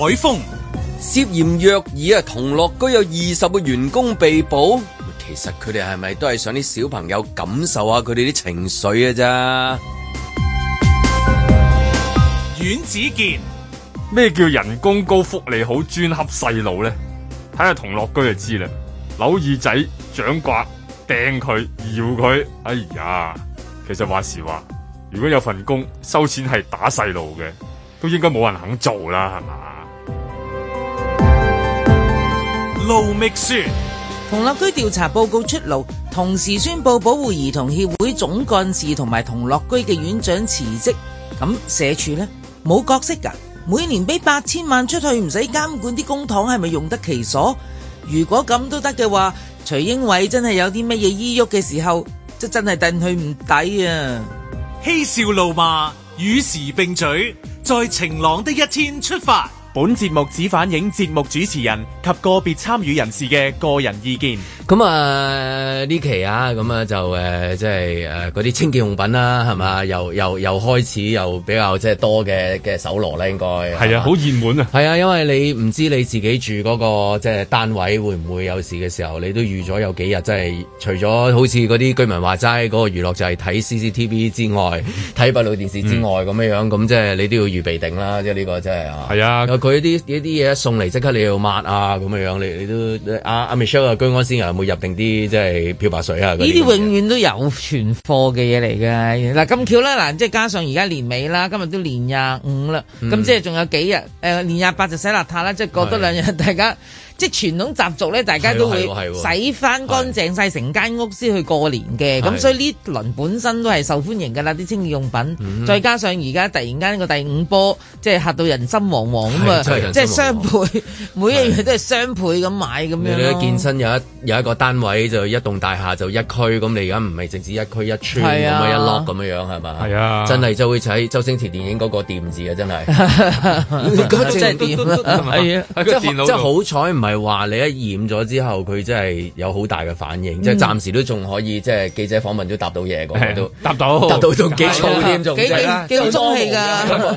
海風涉嫌虐兒啊，同樂居有二十個員工被捕。其實佢哋係咪都係想啲小朋友感受下佢哋啲情緒嘅？咋？阮子健咩叫人工高、福利好、專恰細路咧？睇下同樂居就知啦。扭耳仔、掌摑、掟佢、搖佢，哎呀！其實話時話，如果有份工收錢係打細路嘅，都應該冇人肯做啦，係嘛？盧覓雪，童樂居調查報告出爐，同時宣布保護兒童協會總幹事同埋童樂居嘅院長辭職。咁社署呢冇角色㗎，每年俾八千萬出去，唔使監管啲公帑係咪用得其所？如果咁都得嘅話，徐英偉真係有啲乜嘢依郁嘅時候，即真係頂佢唔抵啊！嬉笑怒罵與時並舉，在晴朗的一天出發。本節目只反映節目主持人及個別參與人士嘅個人意見。咁啊呢期啊，咁啊就誒即係誒啲清潔用品啦，係嘛？又又又開始又比較即係、就是、多嘅嘅搜羅咧，應該係啊，好熱門啊，係啊，啊，因為你唔知你自己住嗰、那個即係、就是、單位會唔會有事嘅時候，你都預咗有幾日，即、就、係、是、除咗好似嗰啲居民話齋嗰個娛樂就係睇 CCTV 之外，睇閉路電視之外咁樣、嗯、樣，咁即係你都要預備定啦，即係呢個真係啊，係啊。佢啲啲啲嘢送嚟，即刻你要抹啊咁樣，你你都阿阿 Michelle 啊，居安先有冇入定啲即係漂白水啊？呢啲這些 永遠都有存貨嘅嘢嚟嘅。嗱、啊、咁巧啦，嗱、啊、即係加上而家年尾啦，今日都年廿五啦，咁、嗯、即係仲有幾日？誒、呃、年廿八就洗邋遢啦，即係過多兩日是大家。即係傳統習俗咧，大家都會洗翻乾淨晒成間屋先去過年嘅，咁所以呢輪本身都係受歡迎㗎啦啲清潔用品，再加上而家突然間呢個第五波，即係嚇到人心惶惶咁啊！即係雙倍，每一樣嘢都係雙倍咁買咁樣。你嘅健身有一有一個單位，就一棟大廈就一區咁，你而家唔係淨止一區一村咁樣一 lock 咁樣樣係嘛？係啊，真係就會喺周星馳電影嗰個店字啊，真係。即即係好彩唔係。係話你一染咗之後，佢真係有好大嘅反應，即係暫時都仲可以，即係記者訪問都答到嘢，個都答到，答到仲幾粗氣，幾幾幾好中氣㗎，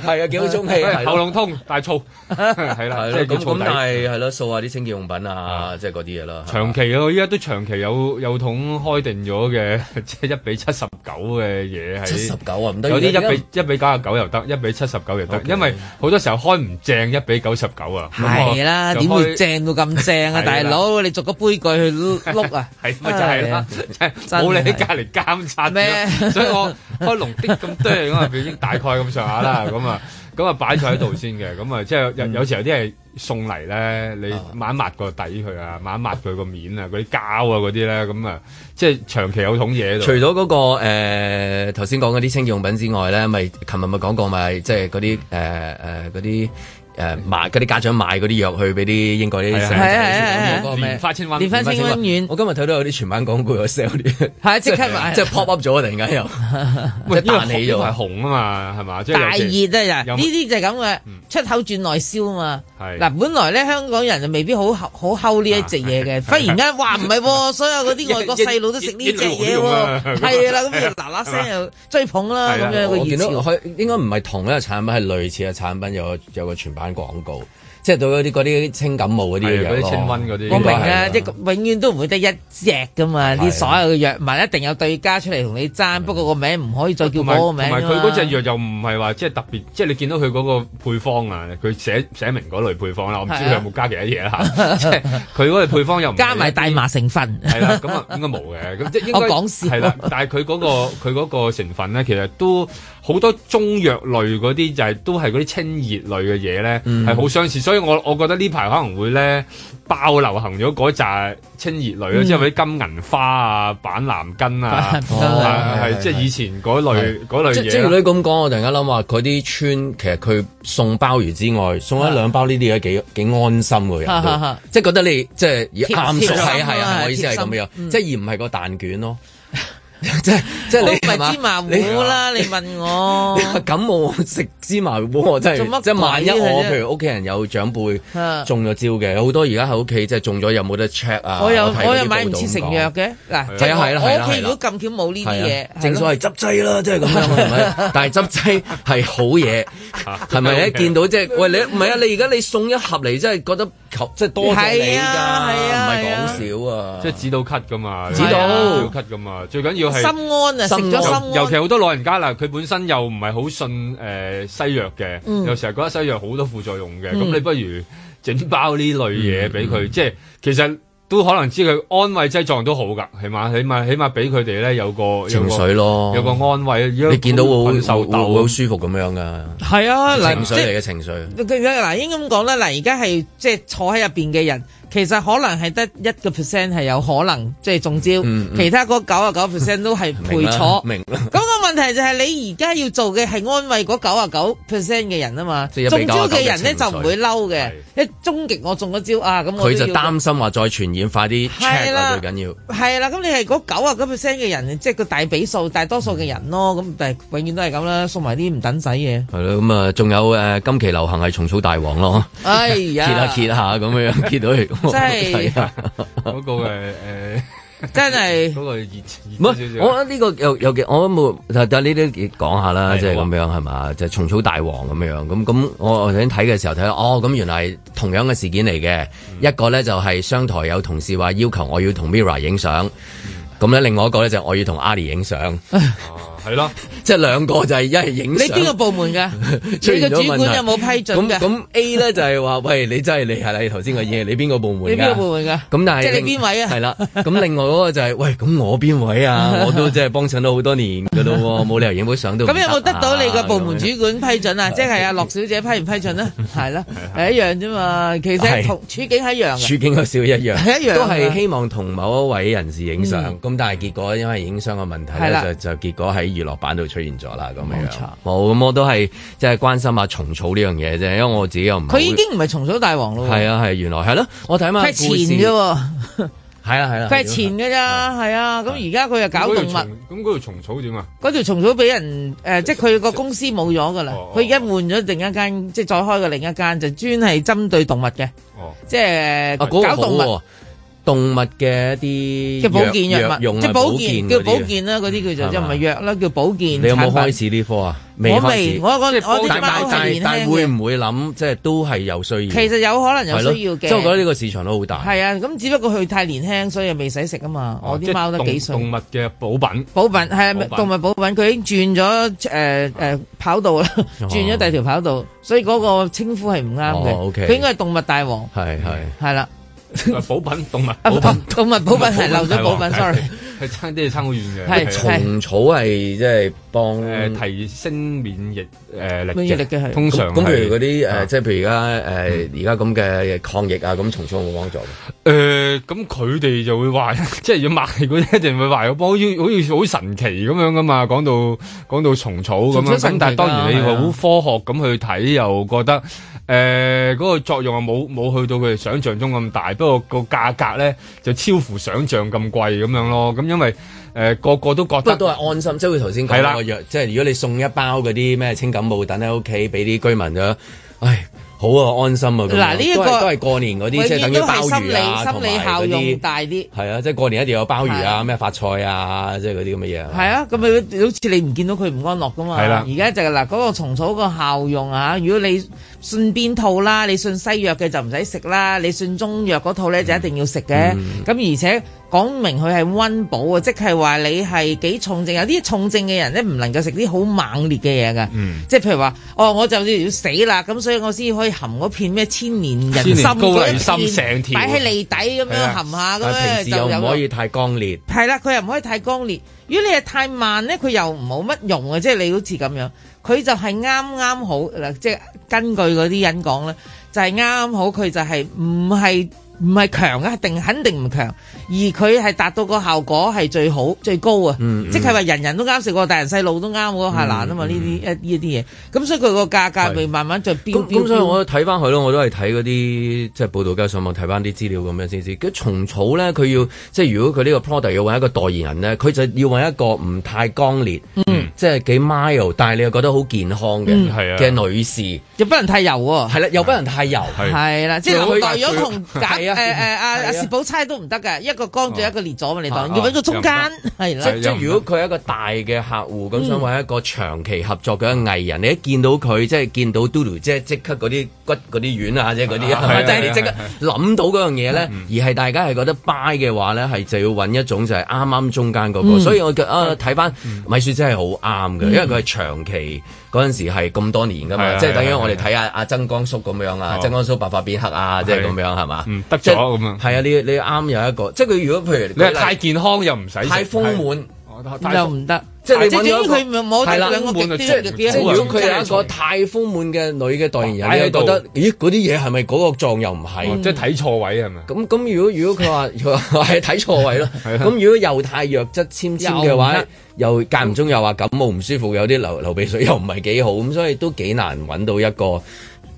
係啊，幾好中氣，喉嚨通，大粗，係啦，即係咁咁但係係咯，掃下啲清潔用品啊，即係嗰啲嘢啦。長期啊，我依家都長期有有桶開定咗嘅，即係一比七十九嘅嘢係十九啊，有啲一比一比加九又得，一比七十九又得，因為好多時候開唔正一比九十九啊，係啦，點會正到咁正啊， 的大佬！你逐個杯具去碌 的啊，係咪就係啦？冇你喺隔離監察咩？什麼 所以我開龍的咁堆嘅咁啊，已經大概咁上下啦。咁啊， 咁啊擺咗喺度先嘅。咁啊，即係有時時候啲係送嚟咧，嗯、你抹一抹個底佢啊，抹一抹佢個面啊，嗰啲膠啊嗰啲咧，咁啊，即係長期有桶嘢喺度。除咗嗰、嗰個誒頭先講嗰啲清潔用品之外咧，咪琴日咪講過咪，即係嗰啲誒嗰啲。呃呃誒買嗰啲家長買嗰啲藥去俾啲英國啲細路仔，連花清瘟，連花清瘟丸。我今日睇到有啲全版廣告 sell 啲，係即刻即係 pop up 咗，突然間又彈起咗，係紅啊嘛，係嘛？大熱啊！呢啲就係咁嘅出口轉內銷啊嘛。嗱，本來咧香港人就未必好好 hold 呢一隻嘢嘅，忽然間話唔係喎，所有嗰啲外國細路都食呢隻嘢喎，係啦，咁嗱嗱聲又追捧啦，咁樣個熱潮。應該唔係同一個產品，係類似嘅產品有有個玩廣告，即係對嗰啲嗰啲清感冒嗰啲嗰啲清瘟嗰啲。我明啊，的即永遠都唔會得一隻噶嘛，啲的所有嘅藥物一定有對家出嚟同你爭。的不過個名唔可以再叫我嘅名唔嘛。同埋佢嗰隻藥就唔係話即係特別，即係你見到佢嗰個配方啊，佢寫寫明嗰類配方啦。我唔知佢有冇加其、啊、的 他嘢啊，佢嗰個配方又唔加埋大麻成分。係 啦，咁啊應該冇嘅。咁即係應該講係啦。但係佢嗰個佢嗰個成分咧，其實都。好多中藥類嗰啲就係都係嗰啲清熱類嘅嘢咧，係好相似，所以我我覺得呢排可能會咧爆流行咗嗰紮清熱類咯，即係啲金銀花啊、板藍根啊，係即係以前嗰類嗰類嘢。即係如果你咁講，我突然間諗話，嗰啲村其實佢送鮑魚之外，送咗一兩包呢啲嘢幾幾安心嘅人，即係覺得你即係啱熟係啊，我意思係咁樣，即係而唔係個蛋卷咯。即係即係你唔係芝麻糊啦，你問我。你話感冒食芝麻糊，真係即係萬一我譬如屋企人有長輩中咗招嘅，好多而家喺屋企即係中咗，有冇得 check 啊？我又我又買唔切成藥嘅嗱，即係屋企如果咁巧冇呢啲嘢，正所謂執劑啦，即係咁樣，係咪？但係執劑係好嘢，係咪？一見到即係喂，你唔係啊！你而家你送一盒嚟，即係覺得即係多謝你㗎，唔係講少啊！即係止到咳㗎嘛，治到咳㗎嘛，最緊要。心安啊，食咗心安，尤其好多老人家啦，佢本身又唔係好信誒西藥嘅，嗯、又成日覺得西藥好多副作用嘅，咁、嗯、你不如整包呢類嘢俾佢，嗯嗯、即係其實都可能知佢安慰劑作用都好噶，係嘛？起碼起碼俾佢哋咧有個情緒咯，有個安慰，你見到會好受，會好舒服咁樣噶。係啊，情緒嚟嘅情緒。嗱、就是，應該咁講啦，嗱，而家係即係坐喺入邊嘅人。其實可能係得一個 percent 係有可能即係中招，其他嗰九啊九 percent 都係陪坐。明啦，咁個問題就係你而家要做嘅係安慰嗰九啊九 percent 嘅人啊嘛，中招嘅人咧就唔會嬲嘅。一終極我中咗招啊，咁我佢就擔心話再傳染快啲 check 啦，最緊要係啦。咁你係嗰九啊九 percent 嘅人，即係個大比數，大多數嘅人咯。咁但係永遠都係咁啦，送埋啲唔等使嘅。係咯，咁啊，仲有誒，今期流行係蟲草大王咯，哎呀，揭下揭下咁樣，揭到。真係嗰、那個誒誒，欸、真係是嗰 個熱刺。唔係，我呢、這個又有嘅，我都冇吧就呢啲講下啦，即係咁樣係嘛，就蟲、是、草大王咁樣。咁咁我我睇睇嘅時候睇哦，咁原來同樣嘅事件嚟嘅。嗯、一個咧就係、是、商台有同事話要求我要同 Mira 影相，咁咧、嗯、另外一個咧就是、我要同 Ali 影相。唉啊係咯，即係兩個就係一係影。你邊個部門嘅？你個主管有冇批准嘅？咁咁 A 咧就係話，喂，你真係你係你頭先個嘢，你邊個部門？邊個部門嘅？咁但係即係你邊位啊？係啦。咁另外嗰個就係喂，咁我邊位啊？我都即係幫襯咗好多年噶咯，冇理由影冇上到。咁有冇得到你個部門主管批准啊？即係阿樂小姐批唔批准咧？係啦，係一樣啫嘛。其實同處境係一樣。處境個少一樣。一樣。都係希望同某一位人士影相，咁但係結果因為影相個問題咧，就就結果係。娛樂版度出現咗啦，咁樣冇，咁我都係即係關心下蟲草呢樣嘢啫，因為我自己又唔佢已經唔係蟲草大王咯，係啊係，原來係咯，我睇下，佢係前嘅，係啊係啊。佢係前嘅咋，係啊，咁而家佢又搞動物，咁嗰條蟲草點啊？嗰條蟲草俾人誒，即係佢個公司冇咗噶啦，佢而家換咗另一間，即係再開個另一間，就專係針對動物嘅，哦。即係搞動物。動物嘅一啲嘅保健藥物，用即係保健叫保健啦，嗰啲叫做即係唔係藥啦，叫保健。你有冇開始呢科啊？我未，我我我啲貓係年輕嘅，但會唔會諗即係都係有需要？其實有可能有需要嘅。即係我覺得呢個市場都好大。係啊，咁只不過佢太年輕，所以未使食啊嘛。我啲貓都幾歲？動物嘅補品，補品係啊，動物補品，佢已經轉咗誒誒跑道啦，轉咗第二條跑道，所以嗰個稱呼係唔啱嘅。佢應該係動物大王。係係係啦。補品動物，補品動物補品係漏咗補品，sorry，係差啲，係差好遠嘅。係蟲草係即係幫誒提升免疫誒力嘅，通常咁譬如嗰啲誒，即係譬如而家誒而家咁嘅抗疫啊，咁蟲草有冇幫助？誒，咁佢哋就會話，即係要買嗰啲，定會話有幫，好似好似好神奇咁樣噶嘛？講到講到蟲草咁樣，但係當然你要好科學咁去睇，又覺得。誒嗰、呃那個作用啊，冇冇去到佢哋想象中咁大。不過個價格咧就超乎想象咁貴咁樣咯。咁因為誒、呃、個個都覺得，都係安心，就是、的即係佢頭先講個藥即係如果你送一包嗰啲咩清感冒等喺屋企俾啲居民就，唉，好啊，安心啊。嗱，呢一個都係過年嗰啲、這個、即係等於鮑魚、啊、心理心理效用大啲係啊，即係過年一定要有鮑魚啊，咩發的菜啊，即係嗰啲咁嘅嘢係啊。咁好似你唔見到佢唔安樂噶嘛。而家的就嗱嗰個蟲草個效用啊，如果你。信邊套啦？你信西藥嘅就唔使食啦，你信中藥嗰套咧就一定要食嘅。咁、嗯嗯、而且講明佢係温補，啊，即係話你係幾重症，有啲重症嘅人咧唔能夠食啲好猛烈嘅嘢噶。即係、嗯、譬如話，哦，我就要要死啦，咁所以我先可以含嗰片咩千年人參咁天，擺喺脷底咁樣含下咁樣。但又唔可以太剛烈。係啦，佢又唔可以太剛烈。如果你係太慢咧，佢又冇乜用啊！即係你好似咁樣。佢就係啱啱好嗱，即係根據嗰啲人講咧，就係啱啱好，佢就係唔係。唔係強啊，定肯定唔強，而佢係達到個效果係最好最高啊！即係話人人都啱食過，大人細路都啱，嗰係難啊嘛，呢啲呢啲嘢。咁所以佢個價格咪慢慢就變。咁所以我睇翻佢咯，我都係睇嗰啲即係報道家上網睇翻啲資料咁樣先知。佢蟲草咧，佢要即係如果佢呢個 product 要揾一個代言人咧，佢就要揾一個唔太剛烈，即係幾 mile，但係你又覺得好健康嘅嘅女士，又不能太油喎。係啦，又不能太油。係啦，即係代咗同誒誒，阿阿薛寶釵都唔得嘅，一個剛咗一個裂咗嘛，你當要揾個中間係啦。即如果佢一個大嘅客戶咁，想揾一個長期合作嘅藝人，你一見到佢，即係見到嘟嘟即係即刻嗰啲骨嗰啲軟啊，即係嗰啲，即係你即刻諗到嗰樣嘢咧。而係大家係覺得 buy 嘅話咧，係就要揾一種就係啱啱中間嗰個。所以我覺啊睇翻米雪真係好啱嘅，因為佢係長期嗰陣時係咁多年噶嘛，即係等於我哋睇下阿曾江叔咁樣啊，曾江叔白發變黑啊，即係咁樣係嘛，即咁啊，係啊！你你啱有一個，即係佢如果譬如你係太健康又唔使，太豐滿又唔得，即係你揾佢冇啲兩個，即係如果佢係一個太豐滿嘅女嘅代言人，你係覺得咦嗰啲嘢係咪嗰個狀又唔係？即係睇錯位係咪？咁咁如果如果佢話佢話係睇錯位咯，咁如果又太弱質纖纖嘅話，又間唔中又話感冒唔舒服，有啲流流鼻水又唔係幾好，咁所以都幾難揾到一個。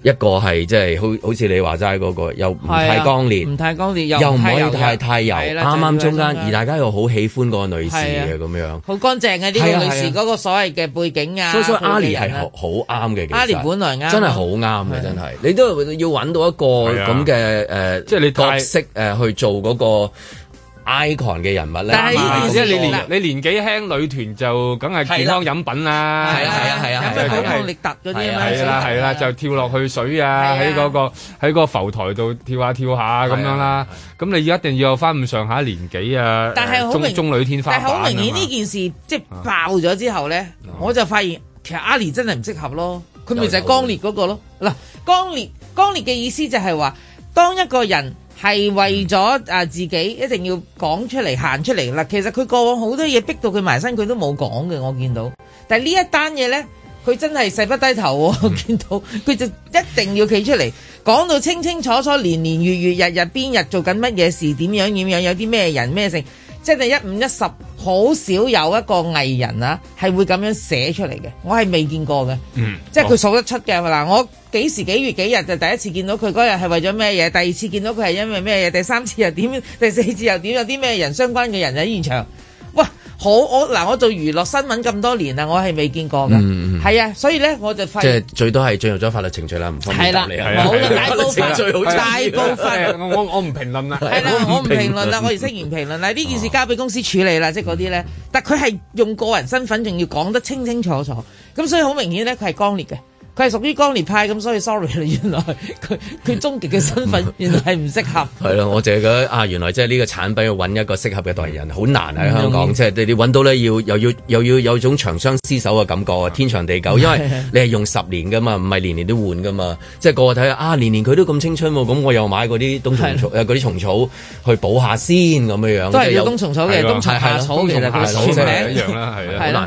一個係即係好好似你話齋嗰個又唔太剛烈，唔太剛烈又唔可以太太油，啱啱中間，而大家又好喜歡個女士嘅咁樣，好乾淨嘅啲女士嗰個所謂嘅背景啊，所以阿蓮係好啱嘅，其實阿蓮本來啱，真係好啱嘅，真係你都要揾到一個咁嘅誒角色誒去做嗰個。icon 嘅人物咧，但係呢件事，你年你年紀輕，女團就梗係健康飲品啦。係啊係啊係啊，即力特嗰啲啊。係啦係啦，就跳落去水啊，喺嗰個喺個浮台度跳下跳下咁樣啦。咁你要一定要有翻咁上下年紀啊。但係好明，中女天花板啊。但係好明顯呢件事即係爆咗之後咧，我就發現其實阿蓮真係唔適合咯。佢咪就係剛烈嗰個咯。嗱，剛烈剛烈嘅意思就係話，當一個人。係為咗啊自己，一定要講出嚟，行出嚟啦。其實佢過往好多嘢，逼到佢埋身，佢都冇講嘅。我見到，但係呢一單嘢呢，佢真係誓不低頭。哦。嗯、我見到，佢就一定要企出嚟，講到清清楚楚，年年月月，日日邊日做緊乜嘢事，點樣點樣，有啲咩人咩性，即係一五一十。好少有一個藝人啊，係會咁樣寫出嚟嘅，我係未見過嘅。嗯，哦、即係佢數得出嘅嗱，我。幾時幾月幾日就第一次見到佢嗰日係為咗咩嘢？第二次見到佢係因為咩嘢？第三次又點？第四次又點？有啲咩人相關嘅人喺現場？哇！好我嗱，我做娛樂新聞咁多年啦，我係未見過嘅，係、嗯、啊，所以咧我就發現即係最多係進入咗法律程序啦，唔方便講你啊。冇啦、啊，啊、大部分最好，大部分、啊、我我唔評論啦，係啦、啊，我唔評論啦、啊，我而息言評論啦，呢件事交俾公司處理啦，即係嗰啲咧。但佢係用個人身份，仲要講得清清楚楚，咁所以好明顯咧，佢係剛烈嘅。佢係屬於光年派咁，所以 sorry 啦。原來佢佢終極嘅身份原來係唔適合。係咯，我就係覺得啊，原來即係呢個產品要搵一個適合嘅代言人好難喺香港，即係你你到咧，要又要又要有種長相厮守嘅感覺，天長地久。因為你係用十年噶嘛，唔係年年都換噶嘛。即係個個睇下啊，年年佢都咁青春喎，咁我又買嗰啲冬蟲草嗰啲蟲草去補下先咁樣樣。都係冬蟲草嘅冬蟲夏草，其實個全名。係啊，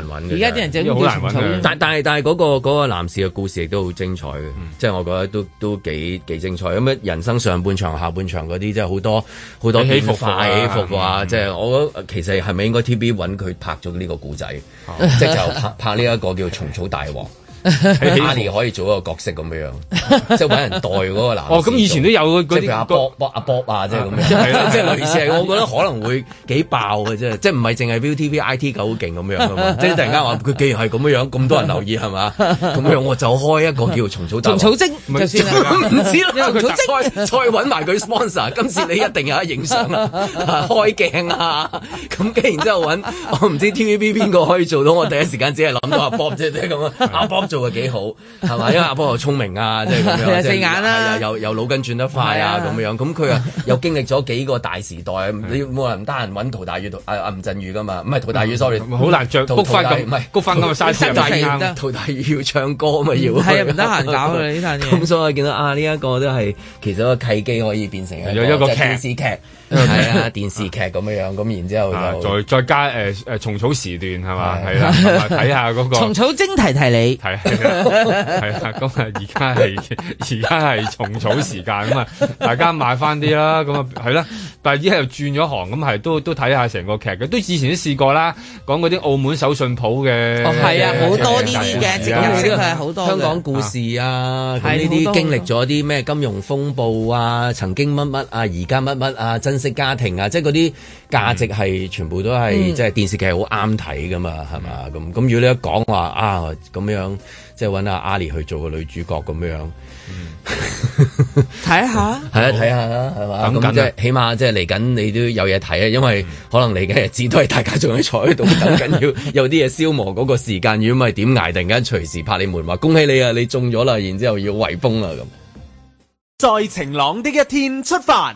而家啲人整啲叫蟲，但但係但係嗰個男士嘅故事。亦都好精彩嘅，即係我覺得都都幾幾精彩。咁人生上半場、下半場嗰啲，即係好多好多起伏啊，起伏啊！即係我覺得其實係咪應該 TVB 搵佢拍咗呢個古仔，即係、嗯、就拍呢一 個叫《蟲草大王》。阿麗可以做一個角色咁樣樣，即係搵人代嗰個男。哦，咁以前都有嗰嗰阿博阿博啊，即係咁樣。即係類似，我覺得可能會幾爆嘅，即即係唔係淨係 ViuTV、IT 狗好勁咁樣。即係突然間話佢既然係咁樣樣，咁多人留意係嘛，咁樣我就開一個叫蟲草豆。蟲草精，唔知啦。佢再再搵埋佢 sponsor，今次你一定有得影相啦，開鏡啊。咁既然之後搵，我唔知 TVB 邊個可以做到，我第一時間只係諗到阿博啫，咁阿博做。幾好係嘛？因為阿波好聰明啊，即係咁四眼啦，又又腦筋轉得快啊，咁樣樣。咁佢又又經歷咗幾個大時代。你冇話唔得閒揾陶大宇、阿阿吳鎮宇㗎嘛？唔係陶大宇，sorry，好難著 book 翻，唔係 book 翻陶大宇要唱歌嘛要，係啊，唔得閒搞啊呢單嘢。咁所以見到啊，呢一個都係其實一個契機，可以變成一個電視劇，電視劇咁樣樣。咁然之後再再加誒誒，蟲草時段係嘛係啦，睇下嗰個蟲草精提提你。係啊，咁啊，而家係而家係蟲草時間咁啊，大家買翻啲啦，咁啊係啦，但係而家又轉咗行，咁係都都睇下成個劇嘅，都之前都試過啦，講嗰啲澳門手信鋪嘅哦係啊，好多呢啲嘅，真係好多香港故事啊，咁呢啲經歷咗啲咩金融風暴啊，曾經乜乜啊，而家乜乜啊，珍惜家庭啊，即係嗰啲價值係全部都係即係電視劇好啱睇噶嘛，係嘛？咁咁如果你一講話啊咁樣。即係揾阿 Ali 去做個女主角咁樣睇、嗯、 下，係啊睇下啦，係嘛？咁即係起碼即係嚟緊你都有嘢睇啊。因為可能嚟緊日子都係大家仲喺度等緊，要有啲嘢，消磨嗰個時間，如果唔係點挨？突然間隨時拍你門話恭喜你啊！你中咗啦，然之後要圍封啦咁。在晴朗的一天出發。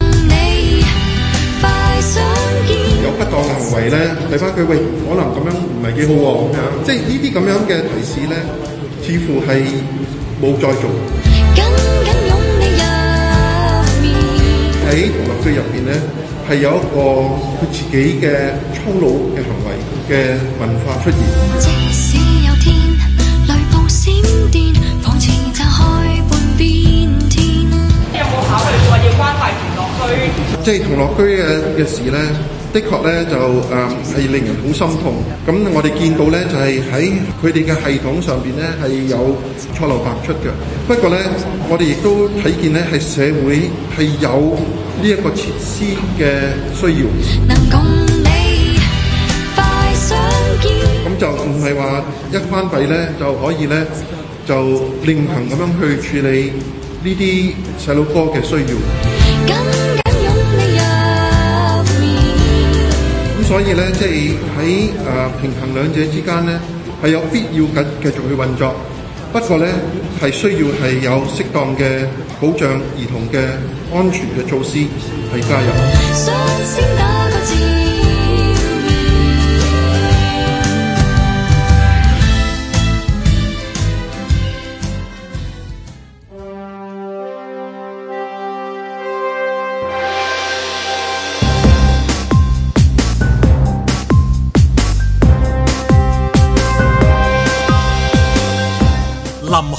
有不當行為咧，睇翻佢，喂，可能咁樣唔係幾好喎，咁樣，即係呢啲咁樣嘅提示咧，似乎係冇再做。喺立法會入邊咧，係有一個佢自己嘅粗魯嘅行為嘅文化出現。即係同樂居嘅嘅事咧，的確咧就誒係令人好心痛。咁我哋見到咧就係喺佢哋嘅系統上邊咧係有錯漏百出嘅。不過咧，我哋亦都睇見咧係社會係有呢一個設施嘅需要。咁就唔係話一關閉咧就可以咧就另行咁樣去處理呢啲細路哥嘅需要。所以呢，即係喺啊平衡兩者之間呢，是有必要的繼續去運作。不過呢，是需要係有適當嘅保障兒童嘅安全嘅措施係加入。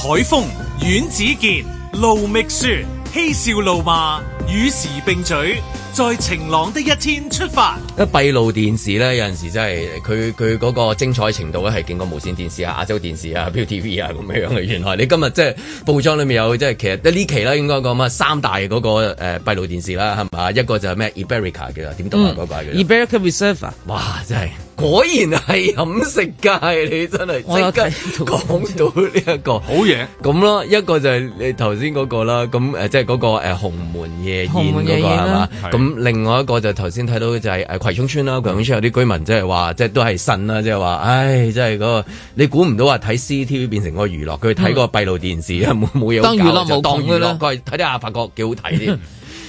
海風、阮子健、盧覓雪、嬉笑怒罵，與時並舉，在晴朗的一天出發。閉路電視咧，有陣時真係，佢佢嗰個精彩程度咧，係勁過無綫電視啊、亞洲電視啊、ViuTV 啊咁、啊啊、樣嘅。原來你今日即係報章裏面有，即、就、係、是、其實呢期咧應該講乜三大嗰、那個誒閉、呃、路電視啦，係咪一個就係咩 Eberica 嘅，點得埋嗰個嘅 Eberica Reserve 哇真係！果然係飲食界，你真係即刻講到呢、這、一個好嘢。咁咯一個就係你頭先嗰個啦。咁即係嗰個誒鴻、呃、門夜宴嗰、那個係嘛？咁另外一個就頭先睇到就係誒葵涌村啦。葵涌村，村有啲居民、嗯、即係話，即係都係新啦，即係話，唉，即係嗰個你估唔到話睇 CCTV 變成個娛樂，佢睇個閉路電視冇冇嘢？嗯、當娛樂冇講嘅睇啲阿發哥幾好睇啲。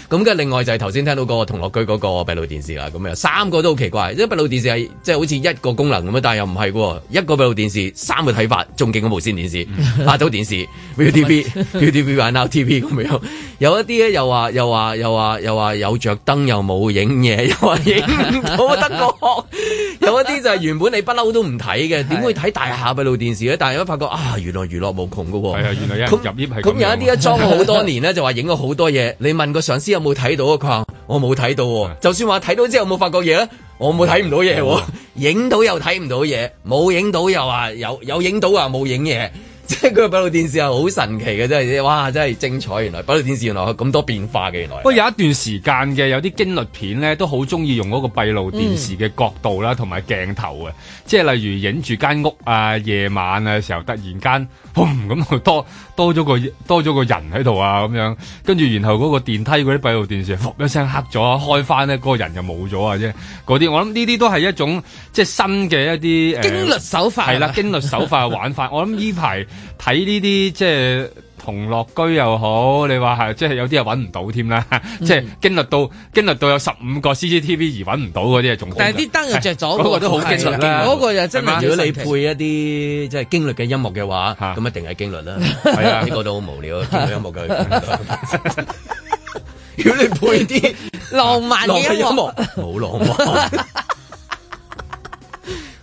咁嘅另外就係頭先聽到個同樂居嗰個閉路電視啦，咁樣三個都好奇怪，因為閉路電視係即係好似一個功能咁樣，但係又唔係喎，一個閉路電視，三個睇法，仲勁過無線電視、八組電視、ViuTV、ViuTV 玩 Now TV 咁樣有有一啲咧又話又話又話又話有着燈又冇影嘢，又話影冇得講。有一啲就係原本你不嬲都唔睇嘅，點會睇大廈閉路電視咧？但係我發覺啊，原來娛樂無窮嘅喎。係啊，原來有入咁有一啲裝裝好多年咧，就話影咗好多嘢。你問個上司？有冇睇到啊？佢話我冇睇到，就算話睇到之後有冇發覺嘢咧，我冇睇唔到嘢，影到又睇唔到嘢，冇影到又話有有影到啊，冇影嘢。即係嗰個閉路電視係好神奇嘅，真係哇，真係精彩！原來閉路電視原來有咁多變化嘅，原來。不過有一段時間嘅有啲驚慄片咧，都好中意用嗰個閉路電視嘅角度啦，同埋、嗯、鏡頭啊。即係例如影住間屋啊，夜晚啊時候，突然間，轟咁多多咗個多咗個人喺度啊，咁樣跟住然後嗰個電梯嗰啲閉路電視，一聲黑咗，開翻呢個個人就冇咗啊啫。嗰啲我諗呢啲都係一種即係新嘅一啲驚慄手法係啦，驚慄手法嘅玩法。 我諗呢排。睇呢啲即係同樂居又好，你話係即係有啲係搵唔到添啦，即係驚慄到驚慄到有十五個 CCTV 而搵唔到嗰啲，仲但係啲燈又着咗，嗰個都好驚。嗰個就真係，如果你配一啲即係驚慄嘅音樂嘅話，咁一定係驚慄啦。係啊，呢個都好無聊，驚慄音樂嘅。如果你配啲浪漫嘅音樂，冇浪漫。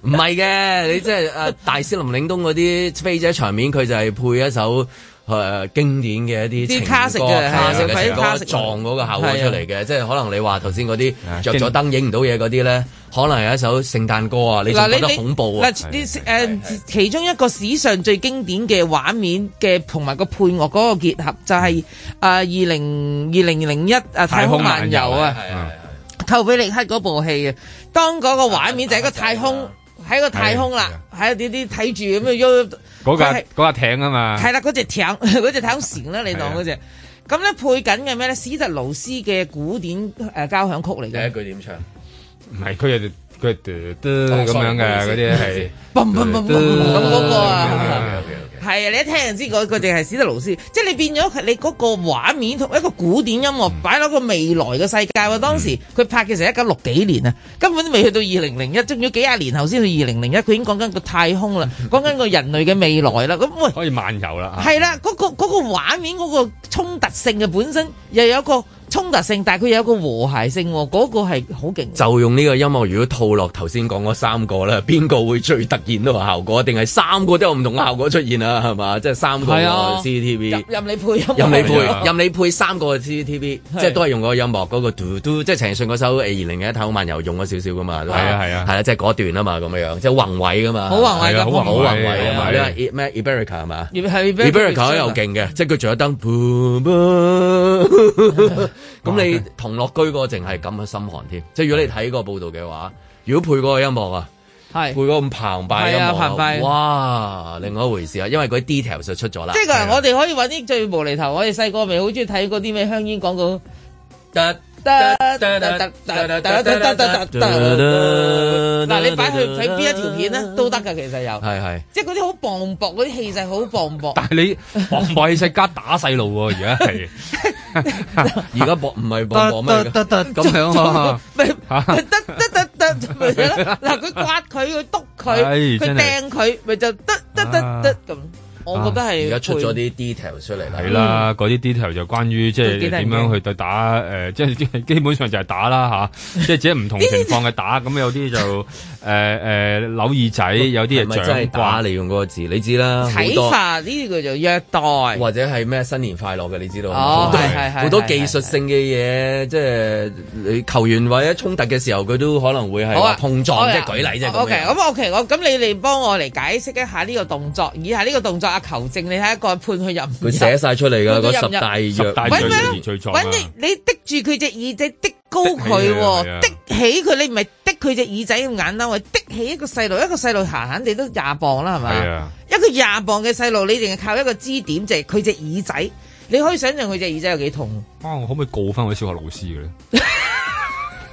唔係嘅，你即係誒大師林嶺東嗰啲飛仔場面，佢就係配一首誒經典嘅一啲情歌嚟嘅撞嗰個效果出嚟嘅。即係可能你話頭先嗰啲着咗燈影唔到嘢嗰啲咧，可能係一首聖誕歌啊，你覺得恐怖啊？嗱，啲其中一個史上最經典嘅畫面嘅同埋個配樂嗰個結合，就係誒二零二零零一誒太空漫遊啊，《寇比力克》嗰部戲啊，當嗰個畫面就係一個太空。喺個太空啦，喺啲啲睇住咁樣喐喐，嗰架嗰架艇啊嘛，係啦，嗰隻艇，嗰隻艇船啦，你當嗰隻，咁咧配緊嘅咩咧？史特勞斯嘅古典誒交響曲嚟嘅，一句點唱？唔係佢又佢嘟嘟咁樣嘅嗰啲係，不不不不。係啊！你一聽就知嗰個淨係史特勞斯， 即係你變咗你嗰個畫面同一個古典音樂擺落個未來嘅世界喎。當時佢拍嘅時候一九六幾年啊，根本都未去到二零零一，仲要幾廿年後先去二零零一。佢已經講緊個太空啦，講緊個人類嘅未來啦。咁喂 樣，可以漫遊啦。係啦，嗰、那個嗰、那個、畫面嗰、那個衝突性嘅本身又有一個衝突性，但係佢有一個和諧性喎。嗰、那個係好勁。就用呢個音樂，如果套落頭先講嗰三個啦，邊個會最突然呢個效果？定係三個都有唔同嘅效果出現啊？ 啊，係嘛，即係三個 CCTV，任你配音，任你配，任你配三個 CCTV，即係都係用個音樂嗰個 do do，即係陳奕迅嗰首二零零一太空漫遊，用咗少少噶嘛，係啊，係啊，係啦，即係嗰段啊嘛，咁樣樣，即係宏偉噶嘛，好宏偉噶，好宏偉啊嘛，呢個 E 咩 Eberica 係嘛，E 係 Eberica 又勁嘅，即係佢仲有燈，咁你同樂居嗰個淨係咁樣心寒添，即係如果你睇個報道嘅話，如果配嗰個音樂啊。係，配個咁澎湃咁澎湃。哇，另外一回事啊，因為嗰啲 detail 就出咗啦。即係我哋可以搵啲最無厘頭，我哋細個咪好鍾意睇嗰啲咩香煙廣告，嗱，你擺佢睇邊一條片咧都得㗎，其實有。係係。即係嗰啲好磅礴，嗰啲氣勢好磅礴。但係你磅礴氣勢加打細路喎，而家係。而家磅唔係磅礴咩？咁樣咪就咯，嗱佢 刮佢，佢篤佢，佢掟佢，咪就得得得得咁。我覺得係而家出咗啲 detail 出嚟啦。係啦，嗰啲 detail 就關於即係點樣去對打，誒即係基本上就係打啦吓，即係即唔同情況嘅打。咁有啲就誒誒，扭耳仔，有啲嘢掌摑嚟用嗰個字，你知啦。睇法，呢個就虐待，或者係咩新年快樂嘅，你知道好多好多技術性嘅嘢，即係你球員或者衝突嘅時候，佢都可能會係碰撞，即係舉例啫。OK，咁 OK，我咁你哋幫我嚟解釋一下呢個動作，以下呢個動作。啊！求證，你睇一個判佢入佢寫晒出嚟噶嗰十大藥，大罪罪、啊、你滴住佢隻耳仔，滴高佢，滴起佢，你唔係滴佢隻耳仔咁簡單，我滴起一個細路，一個細路閒閒哋都廿磅啦，係咪？的一個廿磅嘅細路，你淨係靠一個支點，就係佢隻耳仔，你可以想象佢隻耳仔有幾痛。啊！我可唔可以告翻位小學老師嘅咧？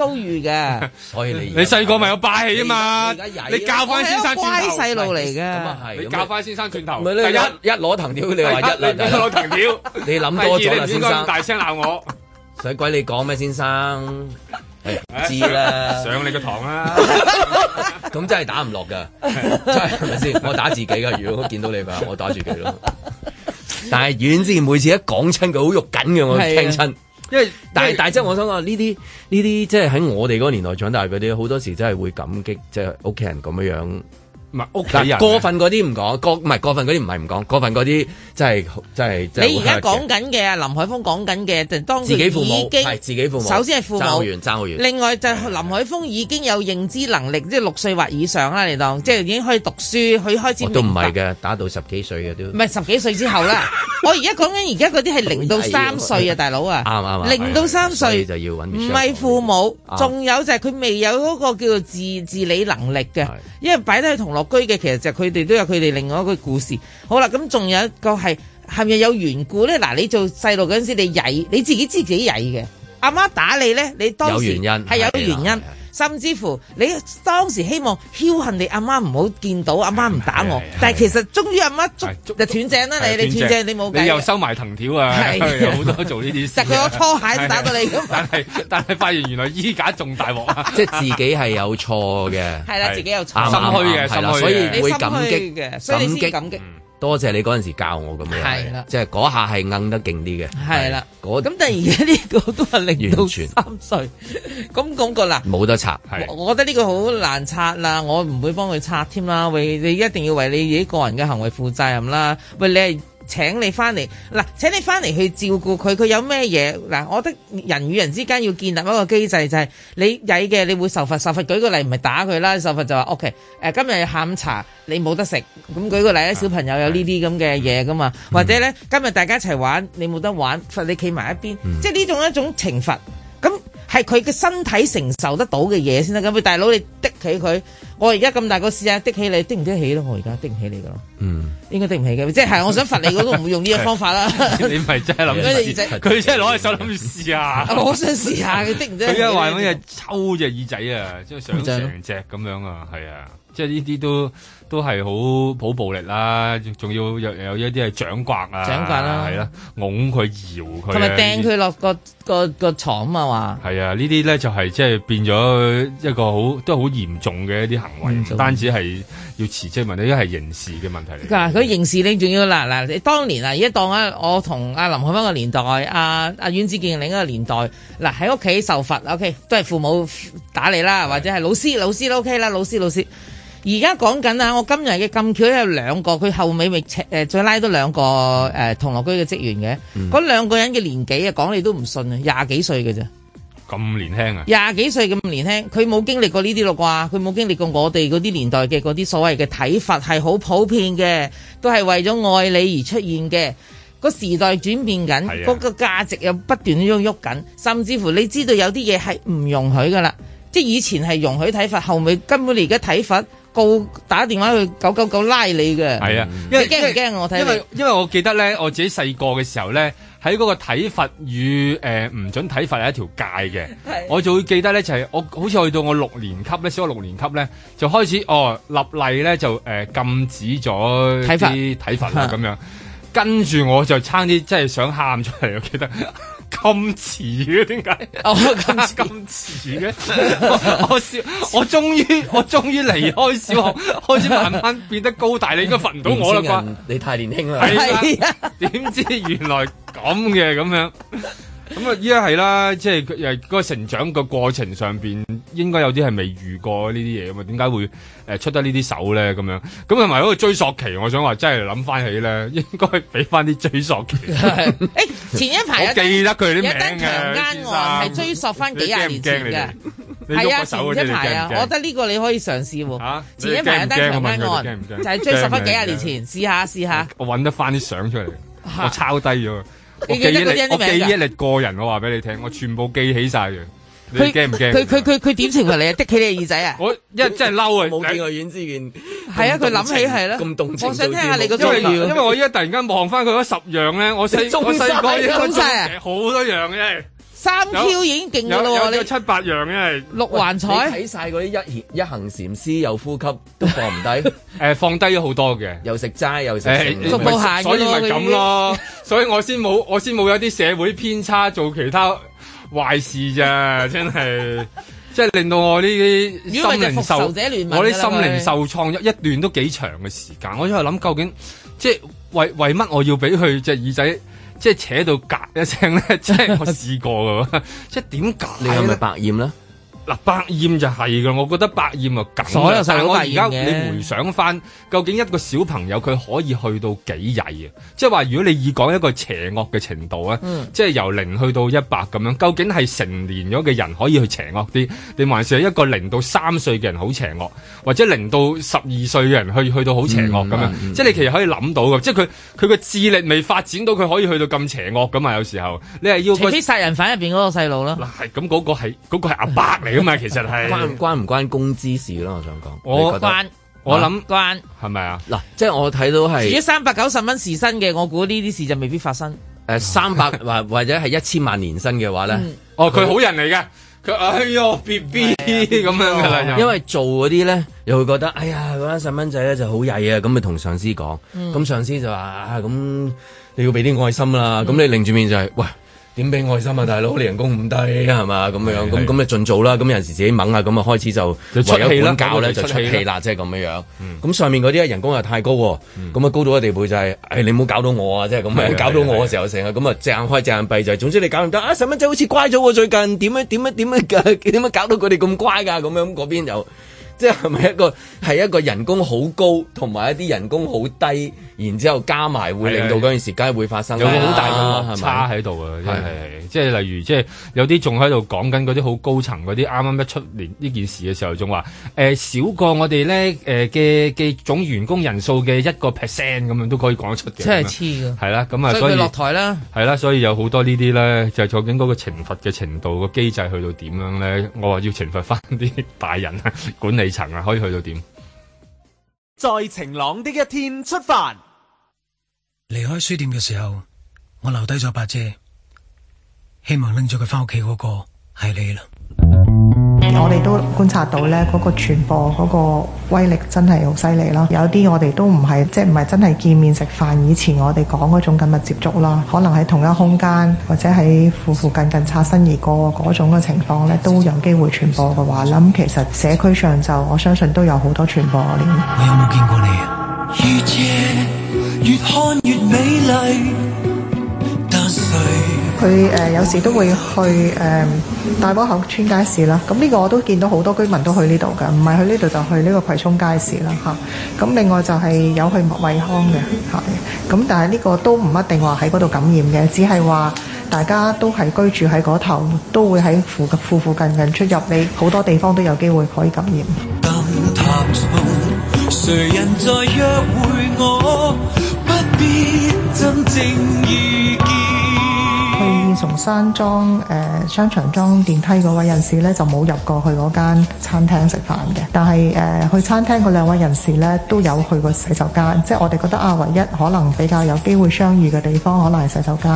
遭遇嘅，所以你你細個咪有霸氣啊嘛，你教翻先生轉頭，乖細路嚟嘅，咁啊，係，你教翻先生轉頭，你一一攞藤條，你話一一攞藤條，你諗多咗啦，先生，大聲鬧我，使鬼你講咩，先生，知啦，上你個堂啦，咁真係打唔落噶，真係，係咪先？我打自己噶，如果見到你話，我打住佢咯。但係遠志，每次一講親，佢好肉緊嘅，我聽親。因為但係為但係即係我想講呢啲呢啲即係喺我哋嗰個年代長大嗰啲，好多時真係會感激即係屋企人咁樣樣。唔係屋企人過分嗰啲唔講，過唔係過分嗰啲唔係唔講，過分嗰啲真係真係。你而家講緊嘅林海峰講緊嘅就當時已經係自己父母，首先係父母爭好遠，爭好遠，另外就林海峰已經有認知能力，即係六歲或以上啦，你當即係已經可以讀書，可以開始。都唔係嘅，打到十幾歲嘅都唔係十幾歲之後啦。我而家講緊而家嗰啲係零到三歲啊，大佬啊，零到三歲就要唔係父母，仲有就係佢未有嗰個叫做自自理能力嘅，因為擺低去同。落居嘅，其實就佢哋都有佢哋另外一個故事。好啦，咁仲有一個係係咪有緣故咧？嗱，你做細路陣時你，你曳你自己知自己曳嘅，阿媽打你咧，你當時係有原因。甚至乎你當時希望僥倖你阿媽唔好見到，阿媽唔打我。但係其實終於阿媽捉就斷正啦，你你斷正你冇計。你又收埋藤條啊，好多做呢啲。食佢個拖鞋打到你。但係但係發現原來衣架仲大鑊啊！即係自己係有錯嘅。係啦，自己有錯。心虛嘅，所以會感激嘅，所以你感激。多謝你嗰陣時教我咁樣，係啦的，即係嗰下係硬得勁啲嘅，係啦，咁但係而家呢個都係令到心碎咁完全 感覺啦冇得拆，我的我覺得呢個好難拆啦，我唔會幫佢拆添啦，喂，你一定要為你自己個人嘅行為負責任啦，喂，你係。請你翻嚟，嗱請你翻嚟去照顧佢，佢有咩嘢嗱？我覺得人與人之間要建立一個機制，就係、是、你曳嘅，你會受罰，受罰舉個例，唔係打佢啦，受罰就話 O K，誒今日下午茶你冇得食，咁舉個例，小朋友有呢啲咁嘅嘢噶嘛？嗯、或者咧，今日大家一齊玩，你冇得玩，罰你企埋一邊，嗯、即係呢種一種懲罰。咁係佢嘅身體承受得到嘅嘢先得，咁大佬你的起佢，我而家咁大個試下的起你，的唔得起咯？我而家的唔起你噶咯，嗯，應該的唔起嘅，即係我想罰你我都唔會用呢個方法啦。 你咪真係諗住，佢真係攞隻手諗住試啊！我想試下，的唔起。佢一話嗰啲抽隻耳仔啊，即係想成隻咁樣啊，係啊，即係呢啲都。都係好好暴力啦，仲要有有一啲係掌摑啊，掌摑啦，係啦，擁佢搖佢，同埋掟佢落個個個牀啊嘛，係啊，呢啲咧就係即係變咗一個好都係好嚴重嘅一啲行為，唔單止係要辭職問題，一係刑事嘅問題嚟。嗱，佢刑事你仲要嗱嗱，你當年啊，而家當啊，我同阿林海峯個年代，阿阿阮志健另一個年代，嗱喺屋企受罰，OK，都係父母打你啦，或者係老師的老師都，OK 啦，老師老師。而家講緊啊！我今日嘅禁橋有兩個，佢後尾咪誒再拉多兩個誒、呃、童樂居嘅職員嘅，嗰兩、嗯、個人嘅年紀啊，講你都唔信啊，廿幾歲嘅啫，咁年輕啊！廿幾歲咁年輕，佢冇經歷過呢啲咯啩，佢冇經歷過我哋嗰啲年代嘅嗰啲所謂嘅體罰，係好普遍嘅，都係為咗愛你而出現嘅。個時代轉變緊，嗰的個價值又不斷咁樣喐緊，甚至乎你知道有啲嘢係唔容許噶啦，即係以前係容許體罰，後尾根本而家體罰。告打電話去九九九拉你嘅，係啊，為驚唔驚啊？我睇，因為因為,因為我記得咧，我自己細個嘅時候咧，喺嗰個體罰與誒唔准體罰係一條界嘅，的我就會記得咧就係、是、我好似去到我六年級咧，小學六年級咧就開始哦立例咧就誒、呃、禁止咗體罰體罰啦咁樣，跟住我就差啲真係想喊出嚟，我記得。 咁遲嘅點解？咁咁遲嘅，我笑我終於我終於離開小學，開始慢慢變得高大， 你應該罰唔到我啦啩？吧你太年輕啦，係點吧 知原來咁嘅咁樣？咁啊，依家係啦，即係誒，嗰個成長嘅過程上邊，應該有啲係未遇過呢啲嘢啊嘛？點解會誒出得呢啲手咧？咁樣，咁同埋嗰個追溯期，我想話真係諗翻起咧，應該俾翻啲追溯期。誒、 欸，前一排我記得佢啲名嘅，有單強奸案係追溯翻幾廿年前嘅。係啊，前一排啊，我覺得呢個你可以嘗試，啊。吓、啊，怕怕前一排有單強奸案，就係追溯翻幾廿年前，試下試下。我搵得翻啲相出嚟，我抄低咗。記憶力記憶力個人，我話俾你聽，我全部記起晒嘅。你驚唔驚？佢佢佢佢點懲罰你啊？的起你耳仔啊？我一真係嬲啊！冇見過袁之遠。係啊，佢諗起係咯。咁動情，我想聽下你個專欄。因為因為我依家突然間望翻佢嗰十樣咧，我細我細我細個好多樣嘅。三 Q 已經勁咗喇喎，呢呢七八樣嘅你六環彩睇晒嗰啲一一行禪師又呼吸都放唔低、 呃，放低咗好多嘅，又食齋又食。所以咪咁咯，所以我先冇我先冇有啲社會偏差做其他壞事啫，真係即係令到我呢啲心靈受我啲心靈受創一一段都幾長嘅時間， 我喺去諗究竟即係為為乜我要俾佢隻耳仔？即係扯到嘎一聲呢？即係我試過㗎，喎！ 即係點解你係咪白鹽咧？ 嗱百厭就係㗎，我覺得百厭啊梗啦。所有細路但係我而家你回想返，究竟一個小朋友佢可以去到幾曳啊？即係話如果你以講一個邪惡嘅程度、嗯、即係由零去到一百咁樣，究竟係成年咗嘅人可以去邪惡啲，定還是係一個零到三歲嘅人好邪惡，或者零到十二歲嘅人去去到好邪惡咁樣？嗯嗯、即係你其實可以諗到㗎。即係佢佢個智力未發展到，佢可以去到咁邪惡咁嘛？有時候你係要除非殺人犯入邊嗰個細路啦。嗱係咁，嗰個係嗰個係阿伯嚟。咁咪其實係關唔關唔關工資事咯？我想講，我關，我諗關係咪啊？嗱，即係我睇到係，如果三百九十蚊時薪嘅，我估呢啲事就未必發生。誒，三百或或者係一千萬年薪嘅話咧，哦，佢好人嚟嘅，佢哎呦，B B 咁樣噶啦，因為做嗰啲咧，又會覺得哎呀，嗰班細蚊仔咧就好曳啊，咁咪同上司講，咁上司就話啊，咁你要俾啲愛心啦，咁你擰住面就係喂。點俾愛心啊，大佬，你人工唔低係嘛？咁樣咁咁你盡早啦，咁有陣時自己掹啊咁啊開始就，管就出氣啦，教咧就吹氣啦，即係咁樣樣。咁、嗯、上面嗰啲人工又太高，咁啊、嗯、高到嘅地步就係、是，係、哎、你唔好搞到我啊，即係咁樣是是是是搞到我嘅時候成日咁啊，隻眼開隻眼閉就，總之你搞唔得啊，細蚊仔好似乖咗喎最近，點樣點樣點樣點樣搞到佢哋咁乖噶？咁樣嗰邊就。即係咪一個係一個人工好高，同埋一啲人工好低，然之後加埋會令到嗰段時間對會發生有個好大嘅差喺度啊！係吧，即係例如，即係有啲仲喺度講緊嗰啲好高層嗰啲，啱啱一出年呢件事嘅時候仲話：誒、呃、少過我哋咧嘅嘅總員工人數嘅一個 percent 咁樣都可以講得出嘅，即係黐㗎。係啦是，咁啊，所以落以台啦。係啦，所以有好多呢啲咧，就係坐緊嗰個懲罰嘅程度個機制去到點樣咧？我話要懲罰翻啲大人管理。層啊，可以去到點？在晴朗的一天出發，離開書店嘅時候，我留低咗把遮，希望拎咗佢翻屋企嗰個係你啦。我哋都觀察到呢個傳播嗰個威力真係好犀利啦。有啲我哋都唔係，即係唔係真係見面食飯，以前我哋講嗰種緊密接觸啦，可能喺同一空間或者喺附附近近擦身而過嗰種嘅情況呢，都有機會傳播嘅話，咁其實社區上就我相信都有好多傳播嘅。佢誒有時都會去誒大窩口村街市啦，咁呢個我都見到好多居民都去呢度嘅，唔係去呢度就去呢個葵涌街市啦，嚇。咁另外就係有去麥惠康嘅嚇，咁但係呢個都唔一定話喺嗰度感染嘅，只係話大家都係居住喺嗰頭，都會喺附附附近嘅出入，你好多地方都有機會可以感染。從山莊誒、呃、商場裝電梯嗰位人士呢，就冇入過去嗰間餐廳食飯嘅，但係誒、呃、去餐廳嗰兩位人士呢，都有去過洗手間，即係我哋覺得啊，唯一可能比較有機會相遇嘅地方可能係洗手間。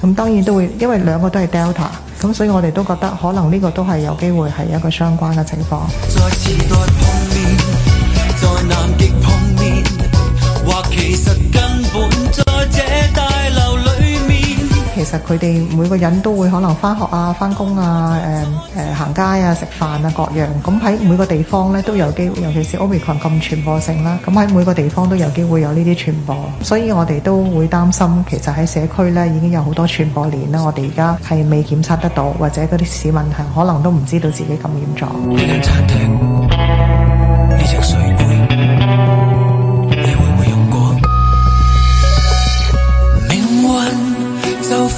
咁當然都會，因為兩個都係 Delta，咁所以我哋都覺得可能呢個都係有機會係一個相關嘅情況。其實佢哋每個人都會可能翻學啊、翻工啊、誒、呃、誒、呃、行街啊、食飯啊各樣，咁喺每個地方咧都有機會，尤其是奧密克戎咁傳播性啦，咁喺每個地方都有機會有呢啲傳播，所以我哋都會擔心，其實喺社區咧已經有好多傳播鏈啦，我哋而家係未檢測得到，或者嗰啲市民係可能都唔知道自己感染咗。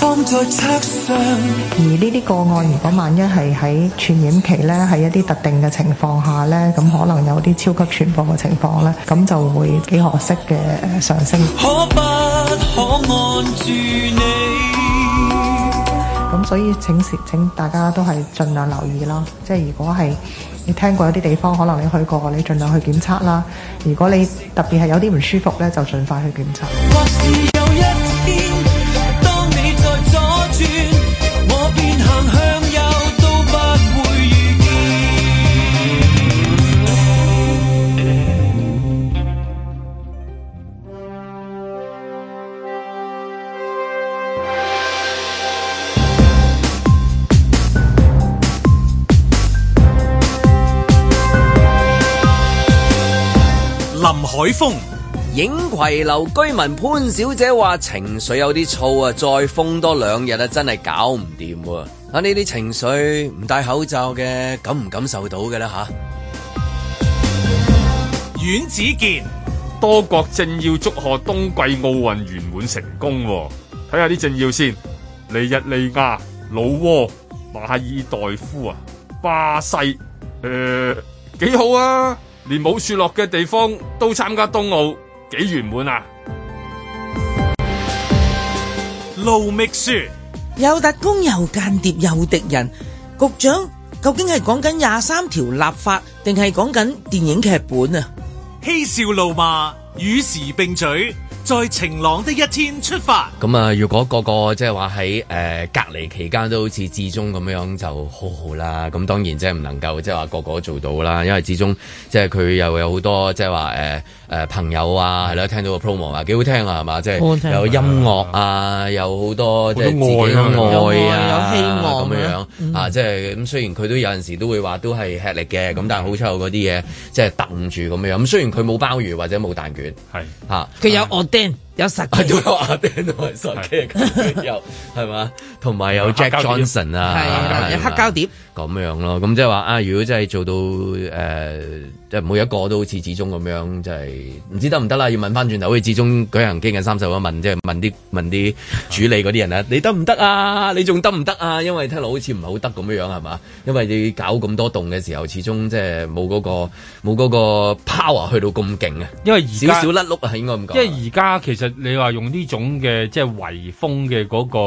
而呢啲個案，如果萬一係喺傳染期呢，喺一啲特定嘅情況下呢，咁可能有啲超級傳播嘅情況呢，咁就會幾何式嘅上升。咁所以請請大家都係儘量留意啦。即係如果係你聽過有啲地方，可能你去過，你儘量去檢測啦。如果你特別係有啲唔舒服呢，就儘快去檢測。海風影葵樓居民潘小姐話，情緒有啲燥啊，再封多兩日啊，真係搞唔掂喎。睇下呢啲情緒唔戴口罩嘅感唔感受到嘅啦吓。阮子健，多國政要祝賀冬季奧運圓滿成功。睇下啲政要先，尼日利亞、老撾、馬爾代夫啊，巴西，誒、呃，幾好啊！連冇雪落嘅地方都參加冬奧，幾圓滿啊！路蜜雪有特工、有間諜、有敵人，局長究竟係講緊廿三條立法，定係講緊電影劇本啊？嬉笑怒罵，與時並取。在晴朗的一天出發。咁啊，如果個個即係話，喺、就、誒、是呃、隔離期間都好似始終咁樣就好好啦。咁當然即係唔能夠即係話個個做到啦，因為始終即係佢又有好多即係話誒誒朋友啊，係啦聽到個 promo 啊幾好聽，就是、啊，係嘛、啊，即係有音樂啊，啊，有好多即係愛、啊、己都愛啊有啊，有希望咁樣樣啊，即係咁雖然佢都有陣時都會話都係吃力嘅，咁但係好彩有啲嘢即係掟住咁樣，咁雖然佢冇鮑魚或者冇蛋卷，係吓。佢有 Dan，有 e a、啊、有實、啊、機，阿 Dean 都係實有係嘛？同埋有，有 Jack Johnson 膠啊，啊，有黑膠碟吧。咁樣咯，咁即係話啊，如果真係做到誒、呃，即係每一個都好似始終咁樣，就係、是、唔知得唔得啦？要問翻轉頭，因為始終舉行傾緊三十一問，即係問啲問啲處理嗰啲人 行行啊，你得唔得啊？你仲得唔得啊？因為聽落好似唔係好得咁樣係嘛？因為你搞咁多棟嘅時候，始終即係冇嗰個冇嗰個 power 去到咁勁啊！因為而家少少甩碌啊，應該咁講。因為而家其實你話用呢種嘅即係圍封嘅嗰個、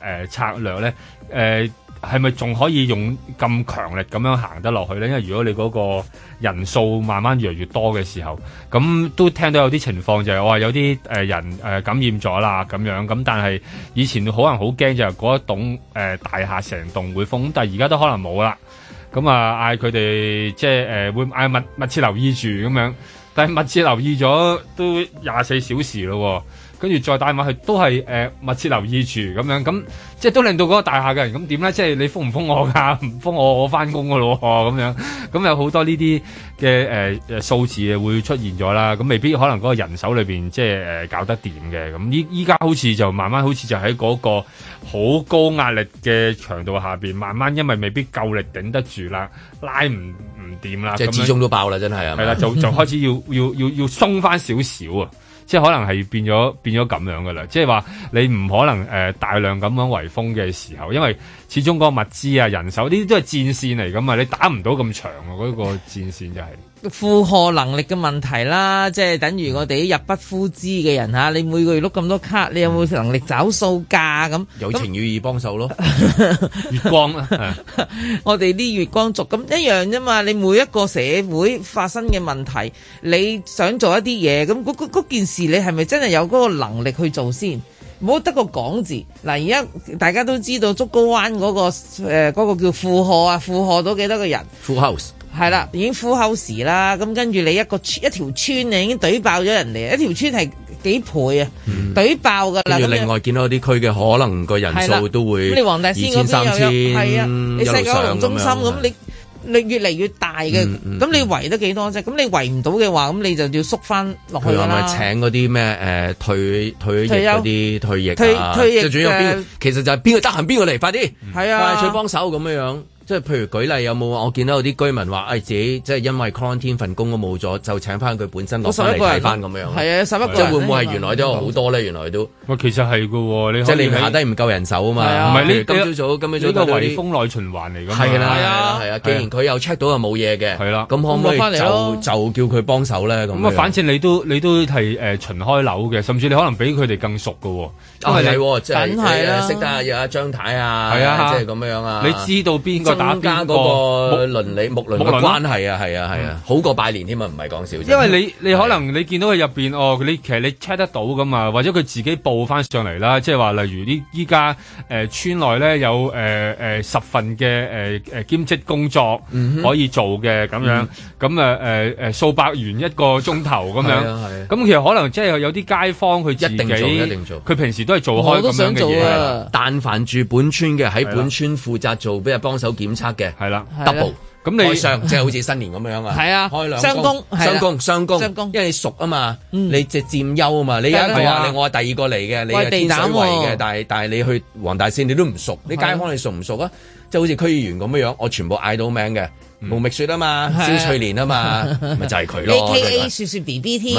呃、策略咧，誒、呃。係咪仲可以用咁強力咁樣行得落去咧？因為如果你嗰個人數慢慢越嚟越多嘅時候，咁都聽到有啲情況就係話，有啲人感染咗啦咁樣。咁但係以前可能好驚就係嗰一棟大廈成棟會封，但係而家都可能冇啦。咁啊嗌佢哋即係誒會嗌密密切留意住咁樣。但係密切留意咗都廿四小時咯，跟住再帶埋去都係誒、呃、密切留意住咁樣，咁即係都令到嗰個大廈嘅人咁點咧？即係你封唔封我㗎？啊，唔封我，我翻工㗎咯咁樣，咁有好多呢啲嘅誒數字會出現咗啦。咁未必可能嗰個人手裏面即係誒、呃、搞得掂嘅。咁依依家好似就慢慢好似就喺嗰個好高壓力嘅強度下面，慢慢因為未必夠力頂得住啦，拉唔唔掂啦。即係始終都爆啦，真係啦樣，就就開始要。 要要要鬆返少少啊！即係可能係變咗變咗咁樣㗎喇，即係話你唔可能誒、呃、大量咁樣圍封嘅時候，因為始終嗰個物資啊、人手呢啲都係戰線嚟㗎嘛，你打唔到咁長啊嗰、那個戰線就係、是。負荷能力嘅問題啦，即係等於我哋啲入不敷支嘅人吓，你每個月碌咁多卡，你有冇能力找數價咁？有情願意幫手咯，那 月光啊！ 是我哋啲月光族咁一樣啫嘛。你每一個社會發生嘅問題，你想做一啲嘢，咁嗰嗰件事，你係咪真係有嗰個能力去做先？唔好得個講字嗱。而家大家都知道竹篙灣嗰個誒，嗰、呃嗰個叫負荷啊，負荷到幾多個人？Full house。係啦，已經 full house 啦，咁跟住你一個一條村已經懟爆咗人哋一條村係幾倍啊？懟爆噶啦！另外見到啲區嘅，可能個人數都會千你黃大仙三千。又係啊，你西九龍中心咁，你你越嚟越大嘅，咁你圍得幾多啫？咁你圍唔到嘅話，咁你就要縮翻落去。佢話咪請嗰啲咩誒退退役嗰啲退役退退役主其實就係邊個得閒邊個嚟，快啲，快趣幫手咁樣樣。即係譬如舉例，有冇我見到有啲居民話：誒自己即係因為 quarantine 份工都冇咗，就請翻佢本身個嚟替翻咁樣。係啊，十一個即係會唔會係原來都有好多咧？原來都。哇，其實係㗎喎，你即你下低唔夠人手啊嘛。唔係呢？今朝早，今朝早到啲風內循環嚟㗎。係啦，係啊。既然佢有 check 到又冇嘢嘅，係啦，咁可唔可以就就叫佢幫手咧？咁。啊，反正你都你都係誒巡開樓嘅，甚至你可能比佢哋更熟㗎喎。啊，係，即係即係識得阿張太啊，即係咁樣啊。你知道邊個？打間嗰個鄰里，睦鄰關係啊，係啊，係啊，好過拜年添啊，唔係講笑。因為你你可能你見到佢入邊哦，你其實你 check 得到㗎嘛，或者佢自己報翻上嚟啦，即係話例如呢依家，誒村內咧有誒誒十份嘅誒誒兼職工作可以做嘅咁樣咁啊，誒誒數百元一個鐘頭咁樣咁，其實可能即係有啲街坊佢自己一定做一定做佢平時都係做開咁樣嘅，但凡住本村嘅喺本村負責做，俾人幫手。檢測嘅係啦，double 咁你上，即係好似新年咁樣啊，係啊的，雙工雙工雙工，工工的因為你熟啊嘛，、嗯、嘛，你即係佔優啊嘛，的你係啊，我係第二個嚟嘅，你第地位嘅，但係但係你去黃大仙你都唔熟，你街坊你熟唔熟啊？即係的好似區議員咁樣樣，我全部嗌到名嘅。胡蜜雪啊嘛，肖翠蓮啊嘛，咪就係佢咯。A K A 雪雪 B B 添。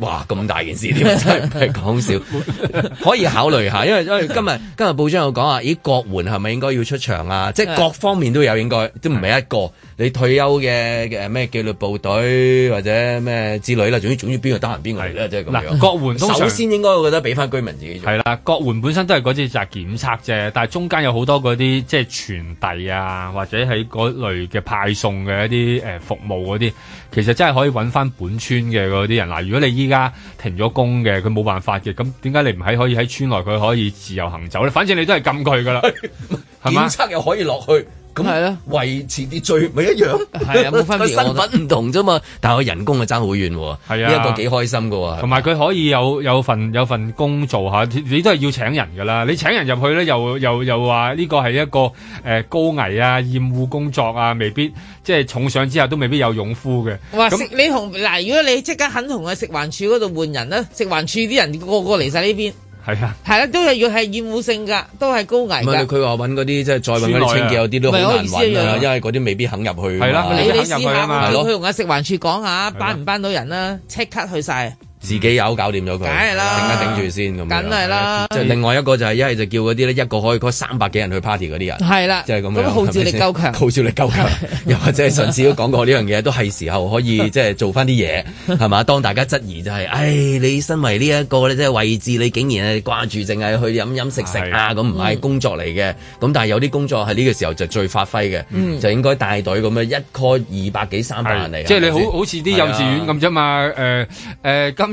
哇咁大件事添，真係唔係講笑，可以考慮下，因為因為今日今日報章又講話，咦，國援係咪應該要出場啊？即係各方面都有應該，都唔係一個。你退休嘅嘅咩紀律部隊或者咩之類啦，總之總之邊個得閒邊個嚟啦，即係咁樣。國援首先應該我覺得俾翻居民自己做。係啦，國援本身都係嗰隻就係檢測啫，但係中間有好多嗰啲即係傳遞啊，或者係嗰類嘅派。送嘅一啲誒服務嗰啲，其實真係可以揾翻本村嘅嗰啲人啦。如果你依家停咗工嘅，佢冇辦法嘅，咁點解你唔喺可以喺村內佢可以自由行走咧？反正你都係禁佢噶啦， 檢測又可以落去。咁係啦，啊嗯、維持秩序咪一樣，係有冇分別。佢身份唔同啫嘛， 但係我人工啊爭好遠喎。係啊，呢一個幾開心㗎喎。同埋佢可以有有份有份工做，啊、你都係要請人㗎啦。你請人入去咧，又又又話呢個係一個誒、呃、高危啊、厭惡工作啊，未必即係、就是、重上之後都未必有勇夫嘅。哇！食那你同嗱，如果你即刻肯同佢食環署嗰度換人咧，食環署啲人個個嚟晒呢邊。係啊，係啦、 啊，都係要係厭惡性噶，都係高危噶。佢話揾嗰啲即係再揾嗰啲清潔，有啲都難好難揾啊，因為嗰啲未必肯入去。係啦、啊，去嘛你你試一下攞去用下食環署講下，班唔班到人啦，即、啊、刻去晒。自己有搞掂咗佢，梗係啦，頂一頂住先咁，梗係啦。即係另外一個就係一係就叫嗰啲一個可以開三百幾人去 party 嗰啲人，係啦，即係咁樣。號召力夠強，號召力夠強。又或者係上次都講過呢樣嘢，都係時候可以即係做翻啲嘢，係嘛？當大家質疑就係，唉，你身為呢一個即係位置，你竟然係掛住淨係去飲飲食食啊咁，唔係工作嚟嘅。咁但係有啲工作係呢個時候就最發揮嘅，就應該帶隊咁樣一開二百幾三百人嚟。即係你好好似啲幼稚園咁啫嘛？誒誒今。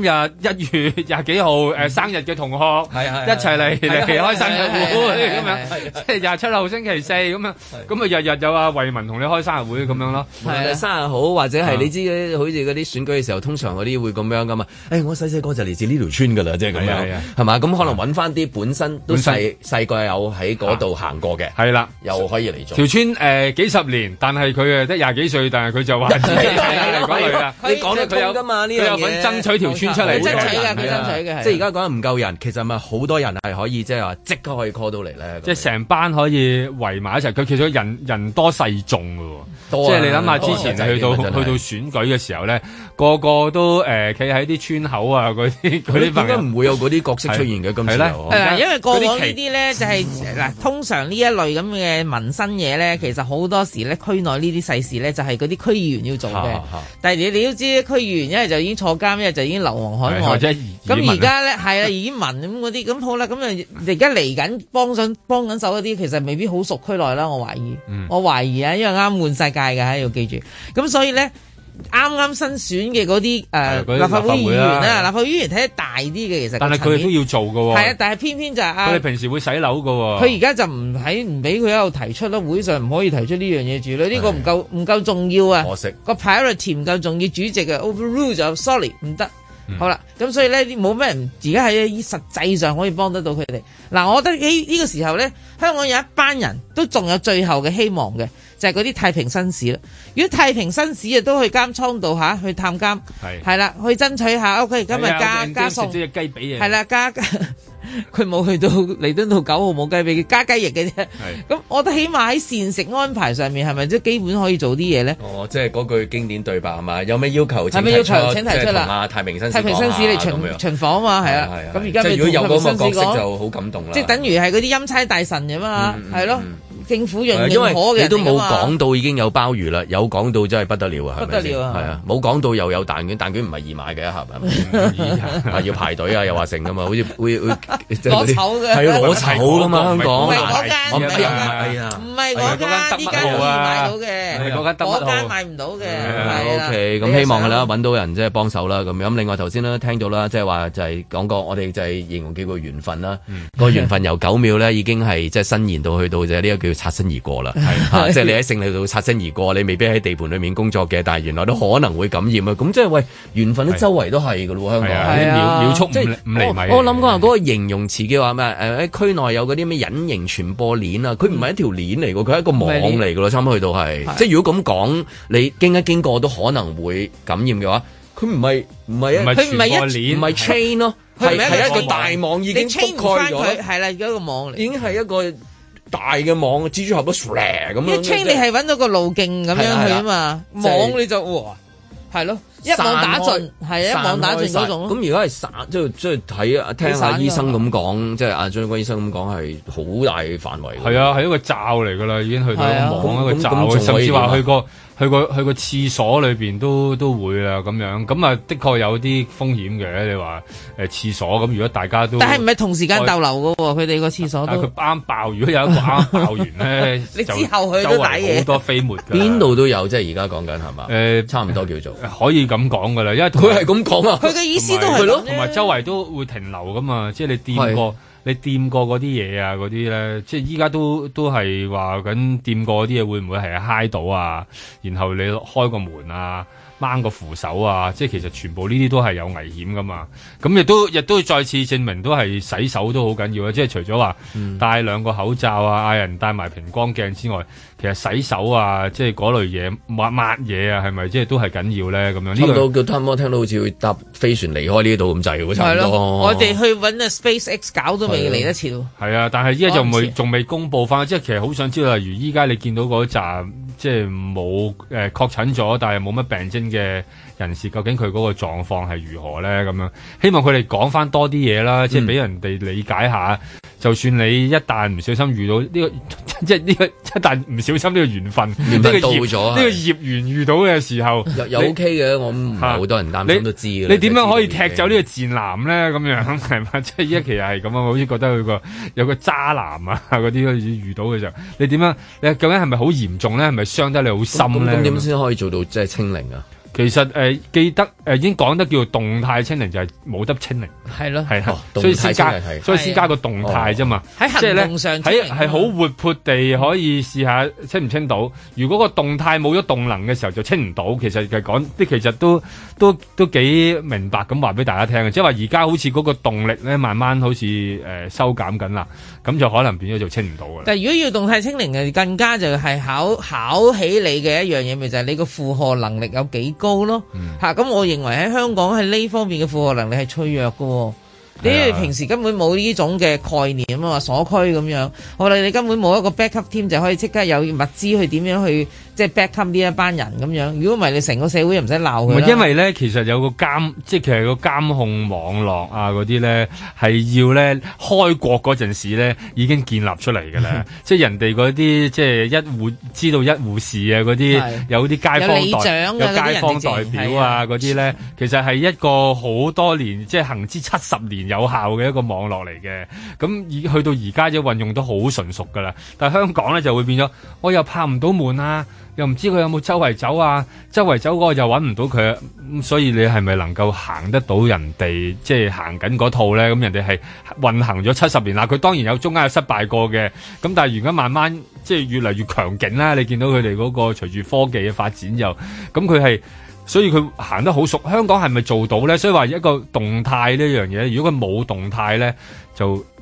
今日一月廿幾號誒生日嘅同學，係一齊嚟，嚟開生日會咁樣，即係廿七號星期四咁樣，咁啊日日有阿慧民同你開生日會咁樣咯，生日好或者係你知好似嗰啲選舉嘅時候，通常嗰啲會咁樣噶嘛？誒，我細細個就嚟自呢條村噶啦，即係咁樣，係嘛？咁可能揾翻啲本身都細細個有喺嗰度行過嘅，係啦，又可以嚟做條村誒幾十年，但係佢誒得廿幾歲，但係佢就話，係啊，你講得佢有噶嘛爭取條村。出嚟嘅即係精彩嘅，其實精彩嘅即係而家講唔夠人，是啊、其實咪好多人係可以即係話即刻可以 call 到嚟咧。即係成班可以圍埋一齊，佢其實人人多勢眾嘅喎，啊、即係你諗下之前去到、啊、去到選舉嘅時候咧。個個都誒，企喺啲村口啊，嗰啲佢哋點解唔會有嗰啲角色出現嘅咁時候。係因為過往呢啲咧就係嗱，通常呢一類咁嘅民生嘢咧，其實好多時咧區內呢啲世事咧，就係嗰啲區議員要做嘅。 但係你你都知，區議員一係就已經坐監，一係就已經流亡海外。咁而家咧，係啊， 移民咁嗰啲，咁好啦，咁啊，而家嚟緊幫上幫緊手嗰啲，其實未必好熟區內啦，我懷疑。嗯、我懷疑啊，因為啱換世界嘅，要記住。咁所以咧。啱啱新選嘅嗰啲誒立法會議員啦，立法，啊、立法會議員睇得大啲嘅其實，但係佢哋都要做㗎喎、啊。係啊，但係偏偏就係啊，佢哋平時會洗樓㗎喎。佢而家就唔喺，唔俾佢喺度提出囉。會上唔可以提出呢樣嘢住咧，呢的個唔夠唔夠重要啊！可惜個 priority 唔夠重要，主席嘅、啊、overrule 就、oh, sorry 唔得。嗯、好啦，咁所以咧冇咩人，而家喺實際上可以幫得到佢哋。嗱、啊，我覺得呢呢個時候咧，香港有一班人都仲有最後嘅希望嘅。就係嗰啲太平紳士咯，如果太平紳士啊都去監倉度嚇去探監，係係啦，去爭取下。O K，今日加加餸，係啦，加佢冇去到彌敦道九號冇雞髀，佢加雞翼嘅啫。咁我都起碼喺膳食安排上面係咪即基本可以做啲嘢咧？哦，即係嗰句經典對白啊嘛！有咩要求要請提出啦。太平太紳士嚟巡巡房啊，係啊。咁而家如果有個角色就好感動啦。即係等於係嗰啲欽差大臣啊嘛，係咯。政府認認可嘅，你都冇講到已經有鮑魚啦，有講到真係不得了啊，係咪先？係啊，冇講到又有蛋卷，蛋卷唔係易買嘅一盒啊，要排隊啊，又話成㗎嘛，好似會會攞籌嘅，係攞籌啊嘛，香港啊，唔係嗰間，唔係嗰間，呢間可以買到嘅，嗰間買唔到嘅，係啦，O K，咁希望啦，揾到人即係幫手啦。咁咁，另外頭先咧聽到啦，即係話就係講過我哋就係形容叫做緣分啦。個緣分由九秒咧已經係即係伸延到去到就係呢個叫。擦身而過啦，係啊，即係你喺勝利度擦身而過，你未必喺地盤裏面工作嘅，但係原來都可能會感染啊！咁即係喂，緣分周圍都係噶咯，係啊，香港，秒速五厘米我諗講個嗰個形容詞叫話咩？誒，喺區內有嗰啲咩隱形傳播鏈啊？佢唔係一條鏈嚟嘅，佢係一個網嚟嘅咯。差唔多去到係，即係如果咁講，你經一經過都可能會感染嘅話，佢唔係唔係佢唔係一，唔係 chain 咯，係係一個大網已經覆蓋咗，係啦，一個網嚟，已經係一個。大嘅網蜘蛛俠都咁樣，清一清你係揾到個路徑咁樣去啊嘛，網你就係咯、就是哦，一網打盡係啊開，一網打盡嗰種。咁如果係散，即係即係睇啊，聽，聽下醫生咁講，即係阿張君醫生咁講係好大範圍。係啊，係一個罩嚟㗎喇，已經去到一個網的、嗯、一個罩，甚至話去個。去個去個廁所裏面都都會啦咁樣，咁啊，的確有啲風險嘅。你話誒、呃、廁所咁，如果大家都但係唔係同時間逗留㗎喎，佢哋個廁所都啱、啊啊、爆。如果有一個啱爆完咧， 你之後去都好多飛沫，邊 度都有。即係而家講緊係嘛？誒，欸、差唔多叫做可以咁講㗎啦，因為佢係咁講啊。佢嘅有意思都係咯，同埋周圍都會停留㗎嘛。即係你掂過。你掂過嗰啲嘢啊，嗰啲咧，即係依家都都係話緊掂過啲嘢會唔會係嗨到啊？然後你開個門啊，掹個扶手啊，即係其實全部呢啲都係有危險噶嘛。咁亦都亦都再次證明都係洗手都好緊要啊！即係除咗話戴兩個口罩啊，嗌、嗯啊、人戴埋平光鏡之外。其實洗手啊，即係嗰類嘢抹抹嘢啊，係咪即係都係緊要咧？咁樣，聽到叫湯哥，聽到好似會搭飛船離開呢度咁滯嘅，差唔多。就係咯，我哋去搵 SpaceX 搞都未嚟得切。係啊，但係依家就未仲未公佈翻。即係其實好想知道，例如依家你見到嗰集，即係冇誒確診咗，但係冇乜病徵嘅。人士究竟佢嗰個狀況係如何咧？咁樣希望佢哋講翻多啲嘢啦，嗯、即係俾人哋理解下。就算你一旦唔小心遇到呢個，即係呢個一旦唔小心呢個緣分，呢到咗。呢個業緣遇到嘅時候，又 OK 嘅，我唔好多人擔心都知你點樣可以踢走呢個賤男咧？咁 樣係嘛？即係依家其實係咁樣我好似覺得佢個有個渣男啊嗰啲遇到嘅時候，你點樣？你究竟係咪好嚴重咧？係咪傷得你好深咧？咁點先可以做到即係、就是、清零啊？其實誒、呃、記得誒、呃、已經講得叫做動態清零，就係、是、冇得清零。係咯，係、哦、所以先加，的所以先加個動態啫嘛。喺、哦、行動上，係好活潑地可以試下清唔清到。如果個動態冇咗動能嘅時候，就清唔到。其實係講即，其實都都都幾明白咁話俾大家聽。即係話而家好似嗰個動力咧，慢慢好似誒，收減緊啦。咁就可能變咗就清唔到。但係如果要動態清零嘅，更加就係考考起你嘅一樣嘢，咪就係、是、你個負荷能力有幾高咯。吓、嗯，咁、啊、我認為喺香港喺呢方面嘅負荷能力係脆弱喎。你哋平時根本冇呢種嘅概念啊嘛，鎖區咁樣，我哋你根本冇一個 backup team 就可以即刻有物資去點樣去。即係 back up 呢一班人咁樣，如果唔係你成個社會又唔使鬧佢啦。因為咧，其實有個監，即係其實個監控網絡啊嗰啲咧，係要咧開國嗰陣時咧已經建立出嚟㗎啦。即係人哋嗰啲即係一戶知道一戶事啊嗰啲，是有啲街坊代有、啊、有街坊代表啊嗰啲咧，其實係一個好多年即係行之七十年有效嘅一個網絡嚟嘅。咁而去到而家，就運用得好純熟㗎啦。但香港咧就會變咗，我又拍唔到門啦、啊。又唔知佢有冇周圍走啊？周圍走嗰個又揾唔到佢，所以你係咪能夠行得到人哋？即係行緊嗰套呢？咁人哋係運行咗七十年啦，佢當然有中間有失敗過嘅，咁但係而家慢慢即係越嚟越強勁啦。你見到佢哋嗰個隨住科技嘅發展又，咁佢係，所以佢行得好熟。香港係咪做到呢？所以話一個動態呢樣嘢，如果佢冇動態呢，就。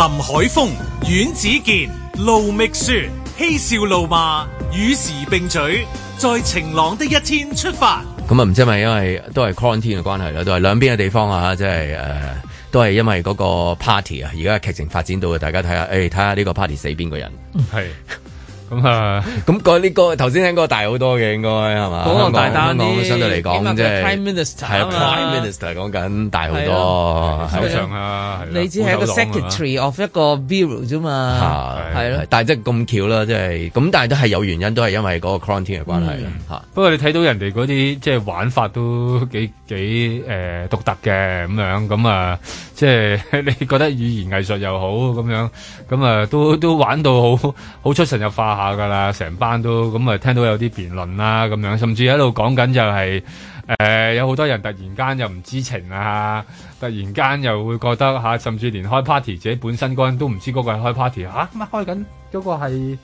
林海峰、阮子健、盧覓雪嬉笑怒罵，與時並舉，在晴朗的一天出發。咁啊，唔知係咪因為都係 quarantine 嘅關係啦，都係兩邊嘅地方啊，即係誒，都係因為嗰個 party 啊，而家劇情發展到，嘅，大家睇下，誒、欸，睇下呢個 party 死邊個人，係是。 咁啊，咁個呢個頭先聽過大好多嘅，應該係嘛？香港大單啲，相對嚟講即係，係啊，Prime Minister 講緊大好多，首相啊，你只係個 Secretary of 一個 Bill 啫嘛，係咯，但係真係咁巧啦，真係，咁但係都係有原因，都係因為嗰個 Quarantine 嘅關係吓。不過你睇到人哋嗰啲即係玩法都幾幾誒獨特嘅咁樣，咁啊，即係你覺得語言藝術又好咁樣，咁啊都都玩到好好出神入化。下噶啦，成班都咁咪聽到有啲辯論啦，咁樣甚至喺度講緊就係、是，誒、呃、有好多人突然間又唔知情啊，突然間又會覺得嚇、啊，甚至連開 party 自己本身嗰人都唔知嗰個係開 party 嚇、啊，咁啊開緊嗰、那個係。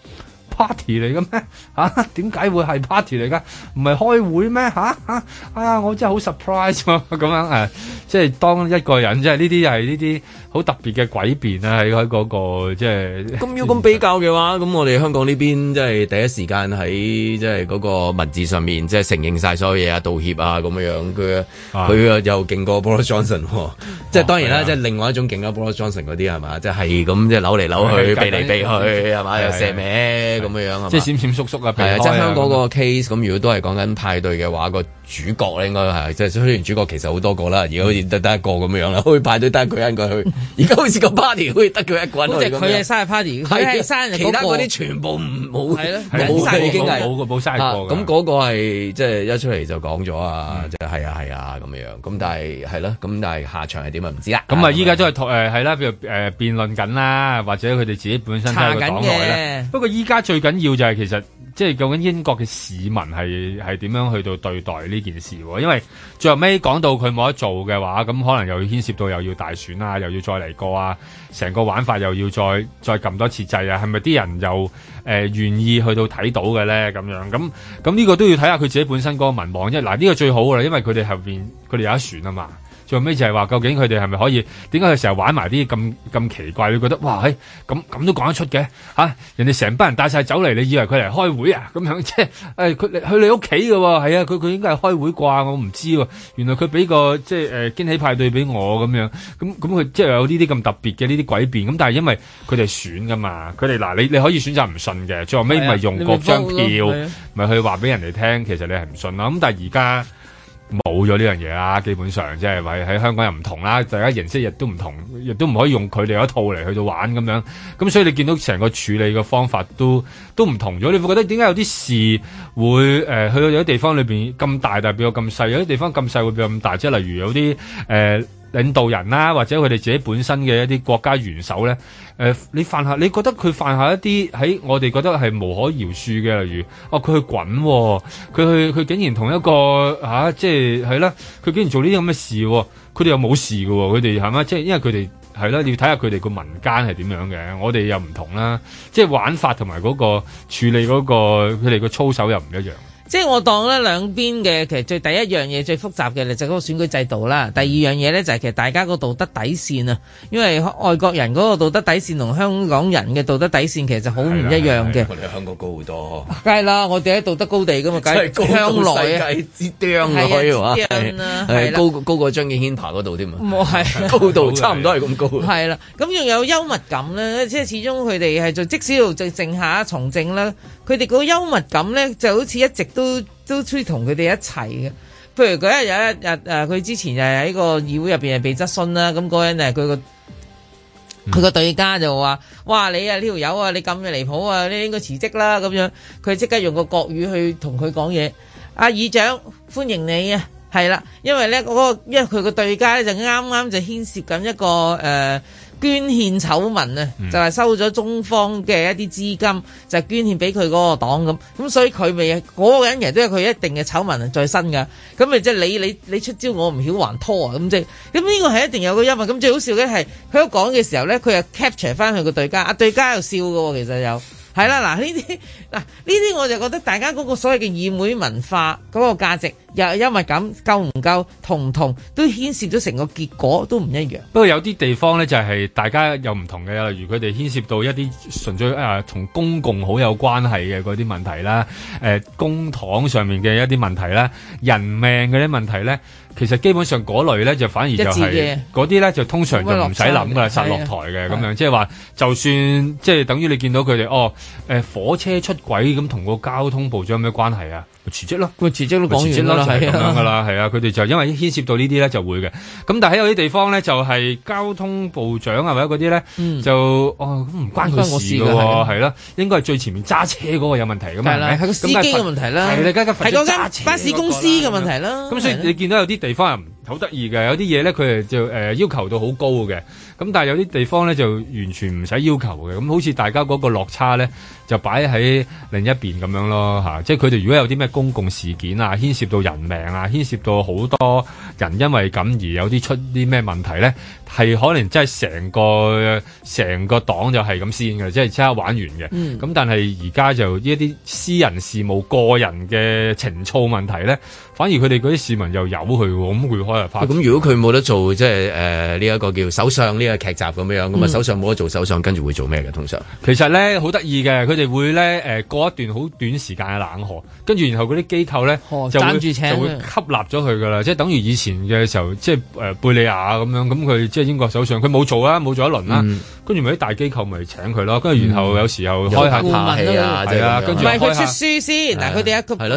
party 嚟嘅咩？吓，點解會係 party 嚟㗎？唔係開會咩？吓、啊？啊！我真係好 surprise 喎！咁樣、啊、即係當一個人，即係呢啲係呢啲好特別嘅詭辯啦、啊，喺嗰、那個、那個、即係。咁要咁比較嘅話，咁我哋香港呢邊即係第一時間喺即係嗰個文字上面，即係承認晒所有嘢啊、道歉啊咁樣樣佢佢的又勁過 Boris Johnson，哦、即係當然啦，哦、即係另外一種勁過 Boris Johnson 嗰啲係嘛？即係咁即係扭嚟扭去、的避嚟避去係嘛？又射歪。咁樣樣啊，即係閃閃縮縮啊，係啊，即係香港個 case 咁，如果都係講緊派對嘅話，個主角咧應該係即係雖然主角其實好多個啦，而家好似得得一個咁樣啦，去派對得佢一個人去，而家好似個 party 好似得佢一個即佢嘅生日 party，生日，其他嗰啲全部唔冇，係咯，冇晒已經係冇個冇晒。咁嗰個係即係一出嚟就講咗啊，即係係啊係啊咁樣，咁但係係咯，咁但係下場係點啊唔知啦。咁啊依家都係係係啦，譬如誒辯論緊啦，或者佢哋自己本身查緊嘅。不過依家最緊要就係其實即係究竟英國嘅市民係係點樣去到對待呢件事？因為最後尾講到佢冇得做嘅話，咁可能又牽涉到又要大選啊，又要再嚟過啊，成個玩法又要再再撳多次掣啊？係咪啲人又誒願、呃、意去到睇到嘅咧？咁樣咁咁呢個都要睇下佢自己本身嗰個民望，因為嗱呢個最好噶啦，因為佢哋後邊佢哋有得選啊嘛。最後尾就係話，究竟佢哋係咪可以？點解佢成日玩埋啲咁咁奇怪？你覺得哇咁咁、欸、都講得出嘅嚇、啊！人哋成班人帶晒走嚟，你以為佢嚟開會啊？咁樣即係誒，佢、欸、去你屋企嘅喎，係啊，佢佢應該係開會啩？我唔知喎、啊，原來佢俾個即係誒、呃、驚喜派對俾我咁樣，咁咁佢即係有呢啲咁特別嘅呢啲詭辯。咁但係因為佢哋選噶嘛，佢哋嗱你你可以選擇唔信嘅，最後尾咪用嗰張票咪、啊啊、去話俾人哋聽，其實你係唔信啦。咁但係而家。冇咗呢樣嘢啦，基本上即係喺喺香港又唔同啦，大家形式亦都唔同，亦都唔可以用佢哋嗰一套嚟去到玩咁樣，咁所以你見到成個處理嘅方法都都唔同咗。你會覺得點解有啲事會誒、呃、去到有啲地方裏面咁大，但係變咗咁細；有啲地方咁細會變咁大，即係例如有啲誒。呃領導人啦，或者佢哋自己本身嘅一啲國家元首咧，誒、呃，你犯下，你覺得佢犯下一啲喺我哋覺得係無可饒恕嘅，例如，哦，佢去滾、啊，佢去，佢竟然同一個嚇、啊，即係係啦，佢、啊、竟然做呢啲咁嘅事，佢哋又冇事喎，佢哋係咪？即係因為佢哋係啦，你要睇下佢哋個民間係點樣嘅，我哋又唔同啦，即係玩法同埋嗰個處理嗰、嗰個佢哋個操守又唔一樣。即係我當咧兩邊嘅其實最第一樣嘢最複雜嘅就係嗰個選舉制度啦，第二樣嘢咧就係其實大家個道德底線啊，因為外國人嗰個道德底線同香港人嘅道德底線其實好唔一樣嘅。我哋香港高好多，梗係啦，我哋喺道德高地㗎嘛，梗係香落嘅。係啊，高高過張敬軒爬嗰度添嘛，唔係高度差唔多係咁高。係啦，咁又有幽默感啦。即係始終佢哋係就即使要就剩下從政啦。佢哋個幽默感咧，就好似一直都都追同佢哋一齊嘅。譬如嗰日有一日，誒佢之前就喺個議會入面係被質詢啦，咁、那、嗰、個、人咧佢個佢個對家就話，嗯、哇你啊呢條友啊，你咁嘅、這個、離譜啊，你應該辭職啦咁樣。佢即刻用個國語去同佢講嘢。阿、啊、議長歡迎你啊，係啦，因為咧、那、嗰個因為佢個對家咧就啱啱就牽涉緊一個誒。呃捐獻醜聞啊，就係、是、收咗中方嘅一啲資金，就係、捐獻俾佢嗰個黨咁，咁所以佢咪嗰個人其實都係佢一定嘅醜聞在身㗎，咁咪即係你你你出招，我唔曉還拖啊，咁即係咁呢個係一定有個陰謀，咁最好笑嘅係佢講嘅時候咧，佢又 capture 翻佢個對家，阿對家又笑㗎喎，其實又。係啦，嗱呢啲嗱呢啲我就覺得大家嗰個所謂嘅議會文化嗰個價值又因為咁夠唔夠同唔同都牽涉咗成個結果都唔一樣。不過有啲地方咧就係、是、大家有唔同嘅，例如佢哋牽涉到一啲純粹同、呃、公共好有關係嘅嗰啲問題啦、呃，公帑上面嘅一啲問題啦，人命嗰啲問題咧。其實基本上嗰類咧就反而就係嗰啲咧就通常就唔使諗噶啦，會唔會落殺落台嘅咁的樣，即係話就算即係、就是、等於你見到佢哋哦、呃，火車出軌咁，同個交通部長有咩關係啊？辭職咯，佢辭職都講完啦，就係咁噶啦，係啊，佢哋就因為牽涉到呢啲咧就會嘅。咁但係喺有啲地方咧就係交通部長啊或者嗰啲咧就哦咁唔關佢事噶喎，係咯，應該係最前面揸車嗰個有問題噶嘛，係啦，司機嘅問題啦，係啦，係巴士公司嘅問題啦。咁所以你見到有啲地方好得意嘅，有啲嘢，咧佢就誒要求到好高嘅。咁但係有啲地方呢，就完全唔使要求嘅，咁好似大家嗰個落差呢，就擺喺另一邊咁樣咯吓，即係佢哋如果有啲咩公共事件啊，牽涉到人命啊，牽涉到好多人因為咁而有啲出啲咩問題呢？係可能真係成個成個黨就係咁先嘅，即係即刻玩完嘅。咁、嗯、但係而家就呢一啲私人事務、個人嘅情操問題咧，反而佢哋嗰啲市民又由佢喎，咁佢開啊，咁如果佢冇得做，即係誒呢一個叫首相呢個劇集咁樣，咁啊首相冇得做首相，首相跟住會做咩嘅？通常其實咧好得意嘅，佢哋會咧誒過一段好短時間嘅冷河，跟住然後嗰啲機構咧就會就會吸納咗佢噶啦，即係等於以前嘅時候，即係誒、呃、貝利亞咁樣咁佢。即係英國首相，佢冇做啊，冇做一輪啦。跟住咪啲大機構咪請佢咯。跟住然後有時候開下派氣啊，係啦。跟住佢出書先。係咯，即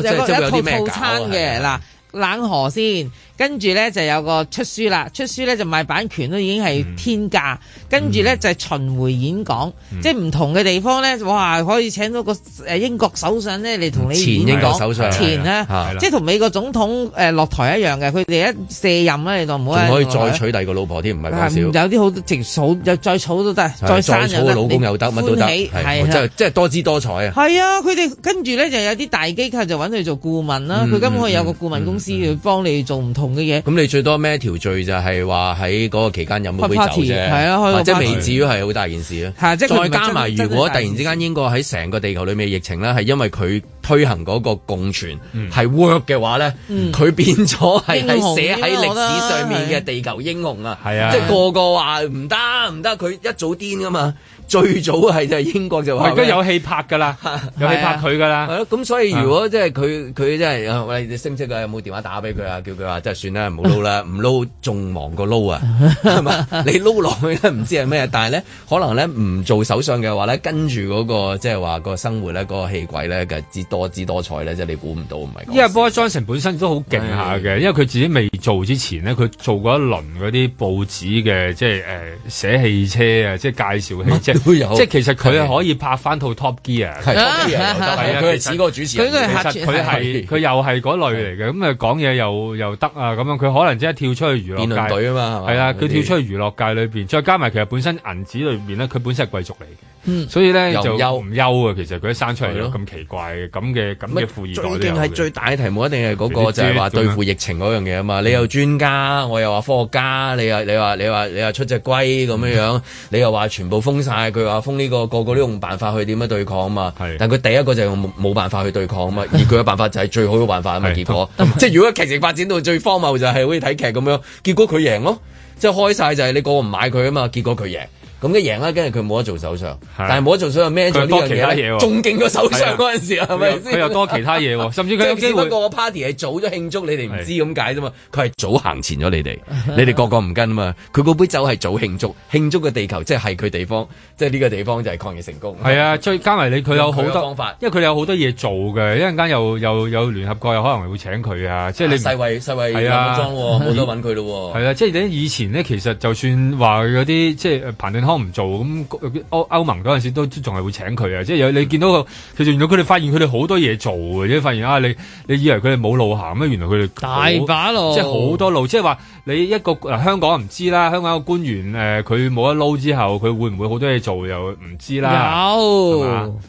係即係一套餐嘅嗱，冷河先。跟住咧就有個出書啦，出書咧就賣版權都已經係天價。跟住咧就巡迴演講，即係唔同嘅地方咧，哇，可以請到個誒英國首相咧，你同你前英國首相。前咧，即係同美國總統誒落台一樣嘅，佢哋一卸任咧，你當唔可以再娶第二個老婆添？唔係話少。有啲好直數再娶都得，再生又得，老公又得，乜都得，係即係多姿多彩啊！係啊，佢哋跟住咧就有啲大機構就揾佢做顧問啦。佢根本可以有個顧問公司去幫你做唔同。嘅嘢，咁你最多咩條罪就係話喺嗰個期間飲一杯酒啫，係 Party, 已啊，或者未至於係好大件事啊，即係再加埋，的如果突然之間英國喺成個地球裏面疫情咧，係因為佢推行嗰個共存係 work 嘅話咧，佢、嗯、變咗係喺寫喺歷史上面嘅地球英雄啊！係啊，即係個個話唔得唔得，佢、啊、一早癲噶嘛。嗯最早係就係英國就話，而家有戲拍㗎啦， 有戲拍佢㗎啦。係咯、啊，咁、啊、所以如果即係佢佢即係，你識唔識佢？有冇電話打俾佢啊？叫佢話即係算啦，唔好撈啦，唔撈仲忙過撈啊，係嘛？你撈落去咧，唔知係咩？但係咧，可能咧唔做首相嘅話咧，跟住嗰、那個即係話個生活咧，嗰、那個戲軌咧嘅多姿多彩咧，即係你估唔到唔係。因為 Boris Johnson 本身都好勁下嘅，嗯、因為佢自己未做之前咧，佢做過一輪嗰啲報紙嘅即係誒、呃、寫汽車啊，即係介紹汽車。 即係其實佢係可以拍翻套 Top Gear，係啊，係佢係嗰個主持，佢佢佢又係嗰類嚟嘅，咁啊講嘢又又得啊，咁樣佢可能即係跳出去娛樂界啊嘛，係啊，佢跳出去娛樂界裏邊，再加埋其實本身銀紙裏邊咧，佢本身係貴族嚟嘅，所以咧就唔優啊？其實佢一生出嚟咯，咁奇怪嘅咁嘅咁嘅富二代都有。最係最大嘅題目一定係嗰個就係話對付疫情嗰樣嘢啊嘛！你又專家，我又話科學家，你又你話你話你話出隻龜咁樣樣，你又話全部封晒。佢話封呢個，個個都用辦法去點樣對抗啊嘛，是但佢第一個就係冇辦法去對抗啊嘛，而佢嘅辦法就係最好嘅辦法啊嘛， 結果即係 如果劇情發展到最荒謬就係好似睇劇咁樣，結果佢贏咯，即係開晒就係你個個唔買佢啊嘛，結果佢贏。咁佢贏啦，跟住佢冇得做首相，但係冇得做首相咩？多其他嘢，仲勁過首相嗰陣時係咪？佢又多其他嘢喎，甚至佢有機會過我 party 係早咗慶祝，你哋唔知咁解啫嘛。佢係早行前咗你哋，你哋個個唔跟啊嘛。佢嗰杯酒係早慶祝，慶祝嘅地球即係佢地方，即係呢個地方就係抗疫成功。係啊，再加埋你佢有好多方法，因為佢有好多嘢做嘅。一陣間又又有聯合國又可能會請佢啊，即係你。世衞世衞冇裝喎，冇得揾佢咯。係啊，即係你以前呢，其實就算話有啲即係方唔做，咁歐歐盟嗰陣時都仲係會請佢啊！即係有你見到個，其實原來佢哋發現佢哋好多嘢做嘅，即係發現啊！你你以為佢哋冇路行咩？原來佢哋大把路，即係好多路。即係話你一個香港唔知啦，香港一個官員誒，佢冇得撈之後，佢會唔會好多嘢做又唔知啦？有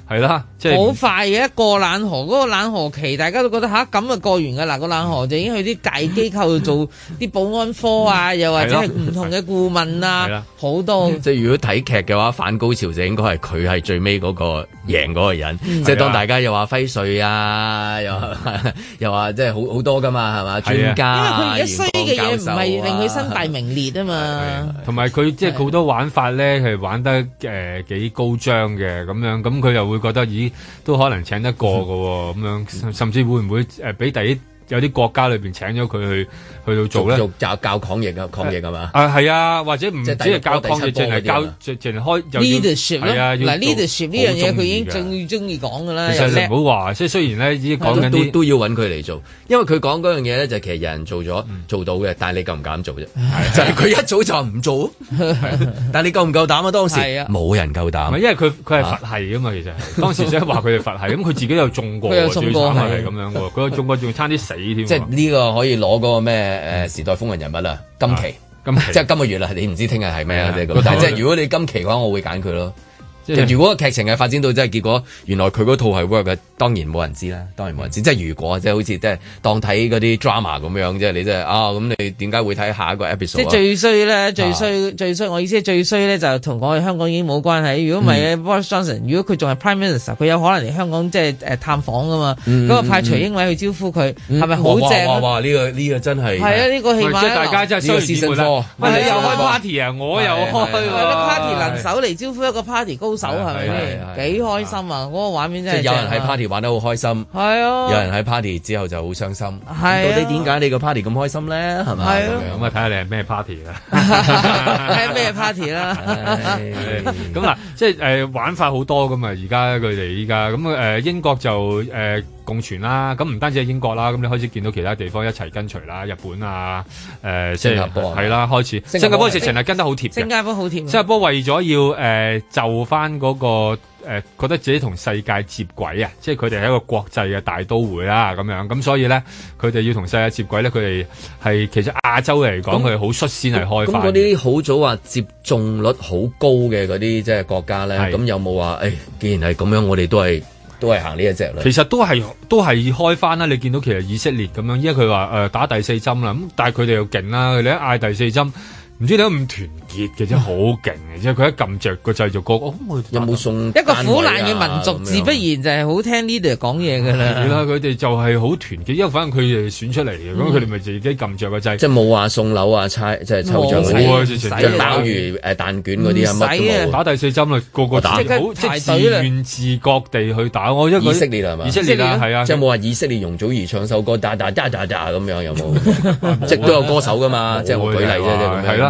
係啦，即係好快嘅一過冷河嗰、嗰個冷河期，大家都覺得吓，咁就過完嘅啦。嗰個冷河就已經去啲大機構度做啲保安科啊， 又或者係唔同嘅顧問啊， 了好多。嗯、即如果睇劇嘅話，反高潮就應該係佢係最尾嗰個贏嗰個人，嗯、即係當大家又話輝瑞啊，又又話即係好好多噶嘛，係嘛？專家啊，因為佢而家衰嘅嘢唔係令佢身敗名裂吖嘛，同埋佢即係好多玩法咧，係玩得誒幾、呃、高張嘅咁樣，咁佢又會覺得咦，都可能請得過㗎喎，咁、嗯、樣甚至會唔會誒俾、呃、第一？有啲國家裏面請咗佢去去到做咧，教教抗疫嘅抗疫係嘛？啊係啊，或者唔只係教抗疫，淨係教淨淨開就係 leadership 呢樣嘢佢已經正中意講㗎啦。其實你唔好話，即係雖然已啲講緊啲都要搵佢嚟做，因為佢講嗰樣嘢呢，就其實有人做咗做到嘅，但你夠唔夠膽做啫？就係佢一早就唔做，但你夠唔夠膽啊？當時係啊，冇人夠膽。因為佢佢係佛系㗎嘛，其實當時先話佢哋佛系，咁佢自己又中過，最係咁樣喎，佢又中過仲差啲死。即係呢個可以攞嗰個咩誒時代風雲人物啦，今期、啊、今期， 即係今個月啦，你唔知聽日係咩啊？的但是即係咁，但係即係如果你今期嘅話，我會揀佢咯。如果劇情係發展到真係結果，原來佢嗰套係 work 嘅，當然冇人知啦，當然冇人知。即係如果，即係好似即係當睇嗰啲 drama 咁樣即係你即係啊，咁你點解會睇下一個 episode？即係最衰咧，最衰最衰。我意思係最衰咧，就同我哋香港已經冇關係。如果唔係，Boris Johnson 如果佢仲係 Prime Minister，佢有可能嚟香港即係誒探訪㗎嘛？嗰個派徐英偉去招呼佢，係咪好正？哇哇呢個呢個真係係啊！呢個戲碼即係大家真係相依為命喂，你又開 party 啊？我又開。party 能手嚟招呼一個 party 高手係咪？幾開心啊！嗰個畫面真係，即係有人喺 party 玩得好開心。係啊，有人喺 party 之後就好傷心。係，到底點解你個 party 咁開心咧？係咪？係啊，咁啊睇下你係咩 party 啦，睇下咩 party 啦。咁嗱，即係誒玩法好多㗎嘛。而家佢哋依家咁誒英國就誒。共存啦，咁唔單止喺英國啦，咁你開始見到其他地方一齊跟隨啦，日本啊，誒、呃，新加坡啦、啊是的，開始新加坡直情係跟得好貼，新加坡好貼，新加坡為咗要誒、呃、就翻嗰、那個誒、呃，覺得自己同世界接軌啊，即係佢哋係一個國際嘅大都會啦，咁樣，咁所以咧，佢哋要同世界接軌咧，佢哋係其實亞洲嚟講，佢好那率先係開發。咁嗰啲好早話接種率好高嘅嗰啲即係國家咧，咁是有冇話、哎、既然係咁樣，我哋都係。都係行呢一隻啦，其實都係都係開翻啦。你見到其實以色列咁樣，因為佢話誒打第四針啦，咁但係佢哋又勁啦。你一嗌第四針。唔知點解咁團結嘅，啫，真係好勁嘅，即係佢一撳著個製作歌，有冇送一個苦難嘅民族，自不然就係好聽呢度講嘢嘅啦。你佢哋就係好團結，因為反正佢哋選出嚟嘅，咁佢哋咪自己撳著個制。即係冇話送樓啊、猜即係抽獎嗰啲，如蛋卷嗰啲啊，打第四針啦，個個打好即自願自覺地去打。以色列係嘛？以色列係啊，即係冇話以色列容祖兒唱首歌，打打打打打咁樣有冇？即都有歌手㗎嘛，即係我舉例啫，係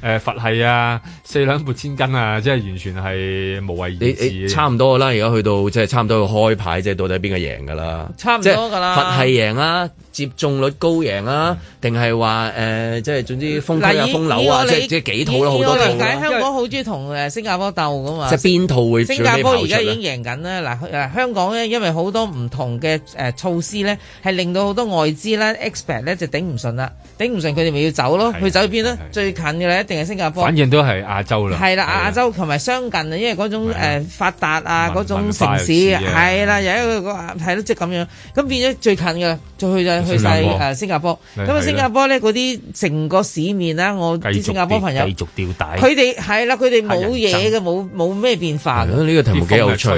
誒、呃、佛系啊，四兩撥千斤啊，即係完全係無謂而、欸欸、差唔多啦。而家去到即係差唔多要開牌，即係到底邊個贏噶啦？差唔多噶啦，佛系贏啦。接種率高贏啊，定係話誒，即係總之封街啊封樓啊，即係即係幾套啦好多套啦。香港好中意同誒新加坡鬥㗎嘛？即係邊套會？新加坡而家已經贏緊啦！嗱誒，香港咧，因為好多唔同嘅誒措施咧，係令到好多外資咧、expert 咧就頂唔順啦，頂唔順佢哋咪要走咯，去走去邊咧？最近嘅啦，一定係新加坡。反正都係亞洲啦。係啦，亞洲同埋相近啊，因為嗰種誒發達啊，嗰種城市係啦，又一個個睇到即係咁樣，咁變咗最近嘅，再去就。去晒新加坡，咁啊了新加坡咧嗰啲成個市面啦，我知新加坡朋友，繼續吊底，佢哋係啦，佢哋冇嘢嘅，冇冇咩變化。咁呢個題目幾有趣，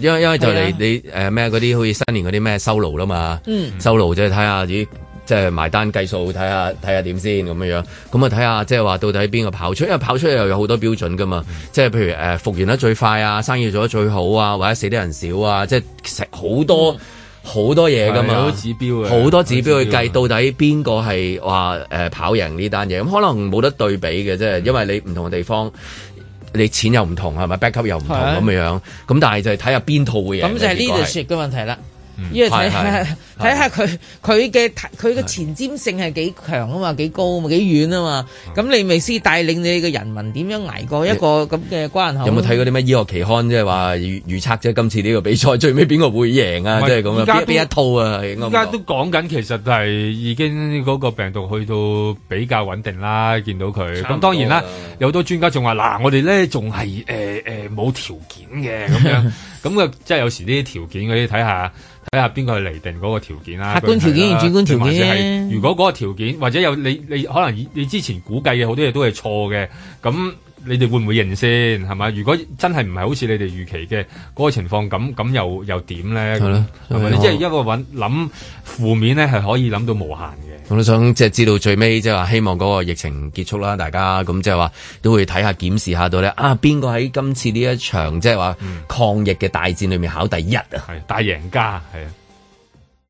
因為因為就嚟的你誒咩嗰啲，好似新年嗰啲咩收爐啦嘛，嗯，收爐即係睇下自己，即係埋單計數，睇下睇下點先咁樣樣，咁啊睇下即係話到底邊個跑出，因為跑出去又有好多標準噶嘛，即係譬如誒復原得最快啊，生意做得最好啊，或者死得人少啊，即係食好多。嗯好多嘢噶嘛，好多指標啊，好多指標去計，到底邊個係話誒跑贏呢單嘢咁，可能冇得對比嘅啫，嗯、因為你唔同嘅地方，你錢又唔同係咪？back u pbackup 又唔同咁樣是、啊、樣，咁但係就睇下邊套會贏。咁就係呢度説嘅問題啦。依家睇下睇下佢佢嘅佢嘅前瞻性係幾強啊嘛，幾是是 高啊嘛，幾遠啊嘛。咁、嗯、你未先帶領你嘅人民點樣挨過一個咁嘅關口？有冇睇過嗰啲咩醫學期刊即係話預預測啫？今次呢個比賽最尾邊個會贏啊？即係咁啊？邊邊一,一套啊？依家都講緊，其實就係已經嗰個病毒去到比較穩定啦。見到佢。咁當然啦，有好多專家仲話嗱，我哋咧仲係誒誒冇條件嘅咁樣。咁啊， 即係有時呢啲條件啲睇下。睇下邊個係嚟定個條件啦、啊，客觀條件與主觀條件。如果嗰個條件、啊、或者有你你可能你之前估計嘅好多嘢都係錯嘅，咁你哋會唔會認先？係咪？如果真係唔係好似你哋預期嘅、嗰個情況咁咁又又點咧？係咪？你即係一個穩諗負面咧，係可以諗到無限嘅。我都想即係知道最尾即係話希望嗰個疫情結束啦，大家咁即係話都會睇下、下，檢視下到咧，啊，邊個喺今次呢一場即係話抗疫嘅大戰裏面考第一啊，係大贏家係啊！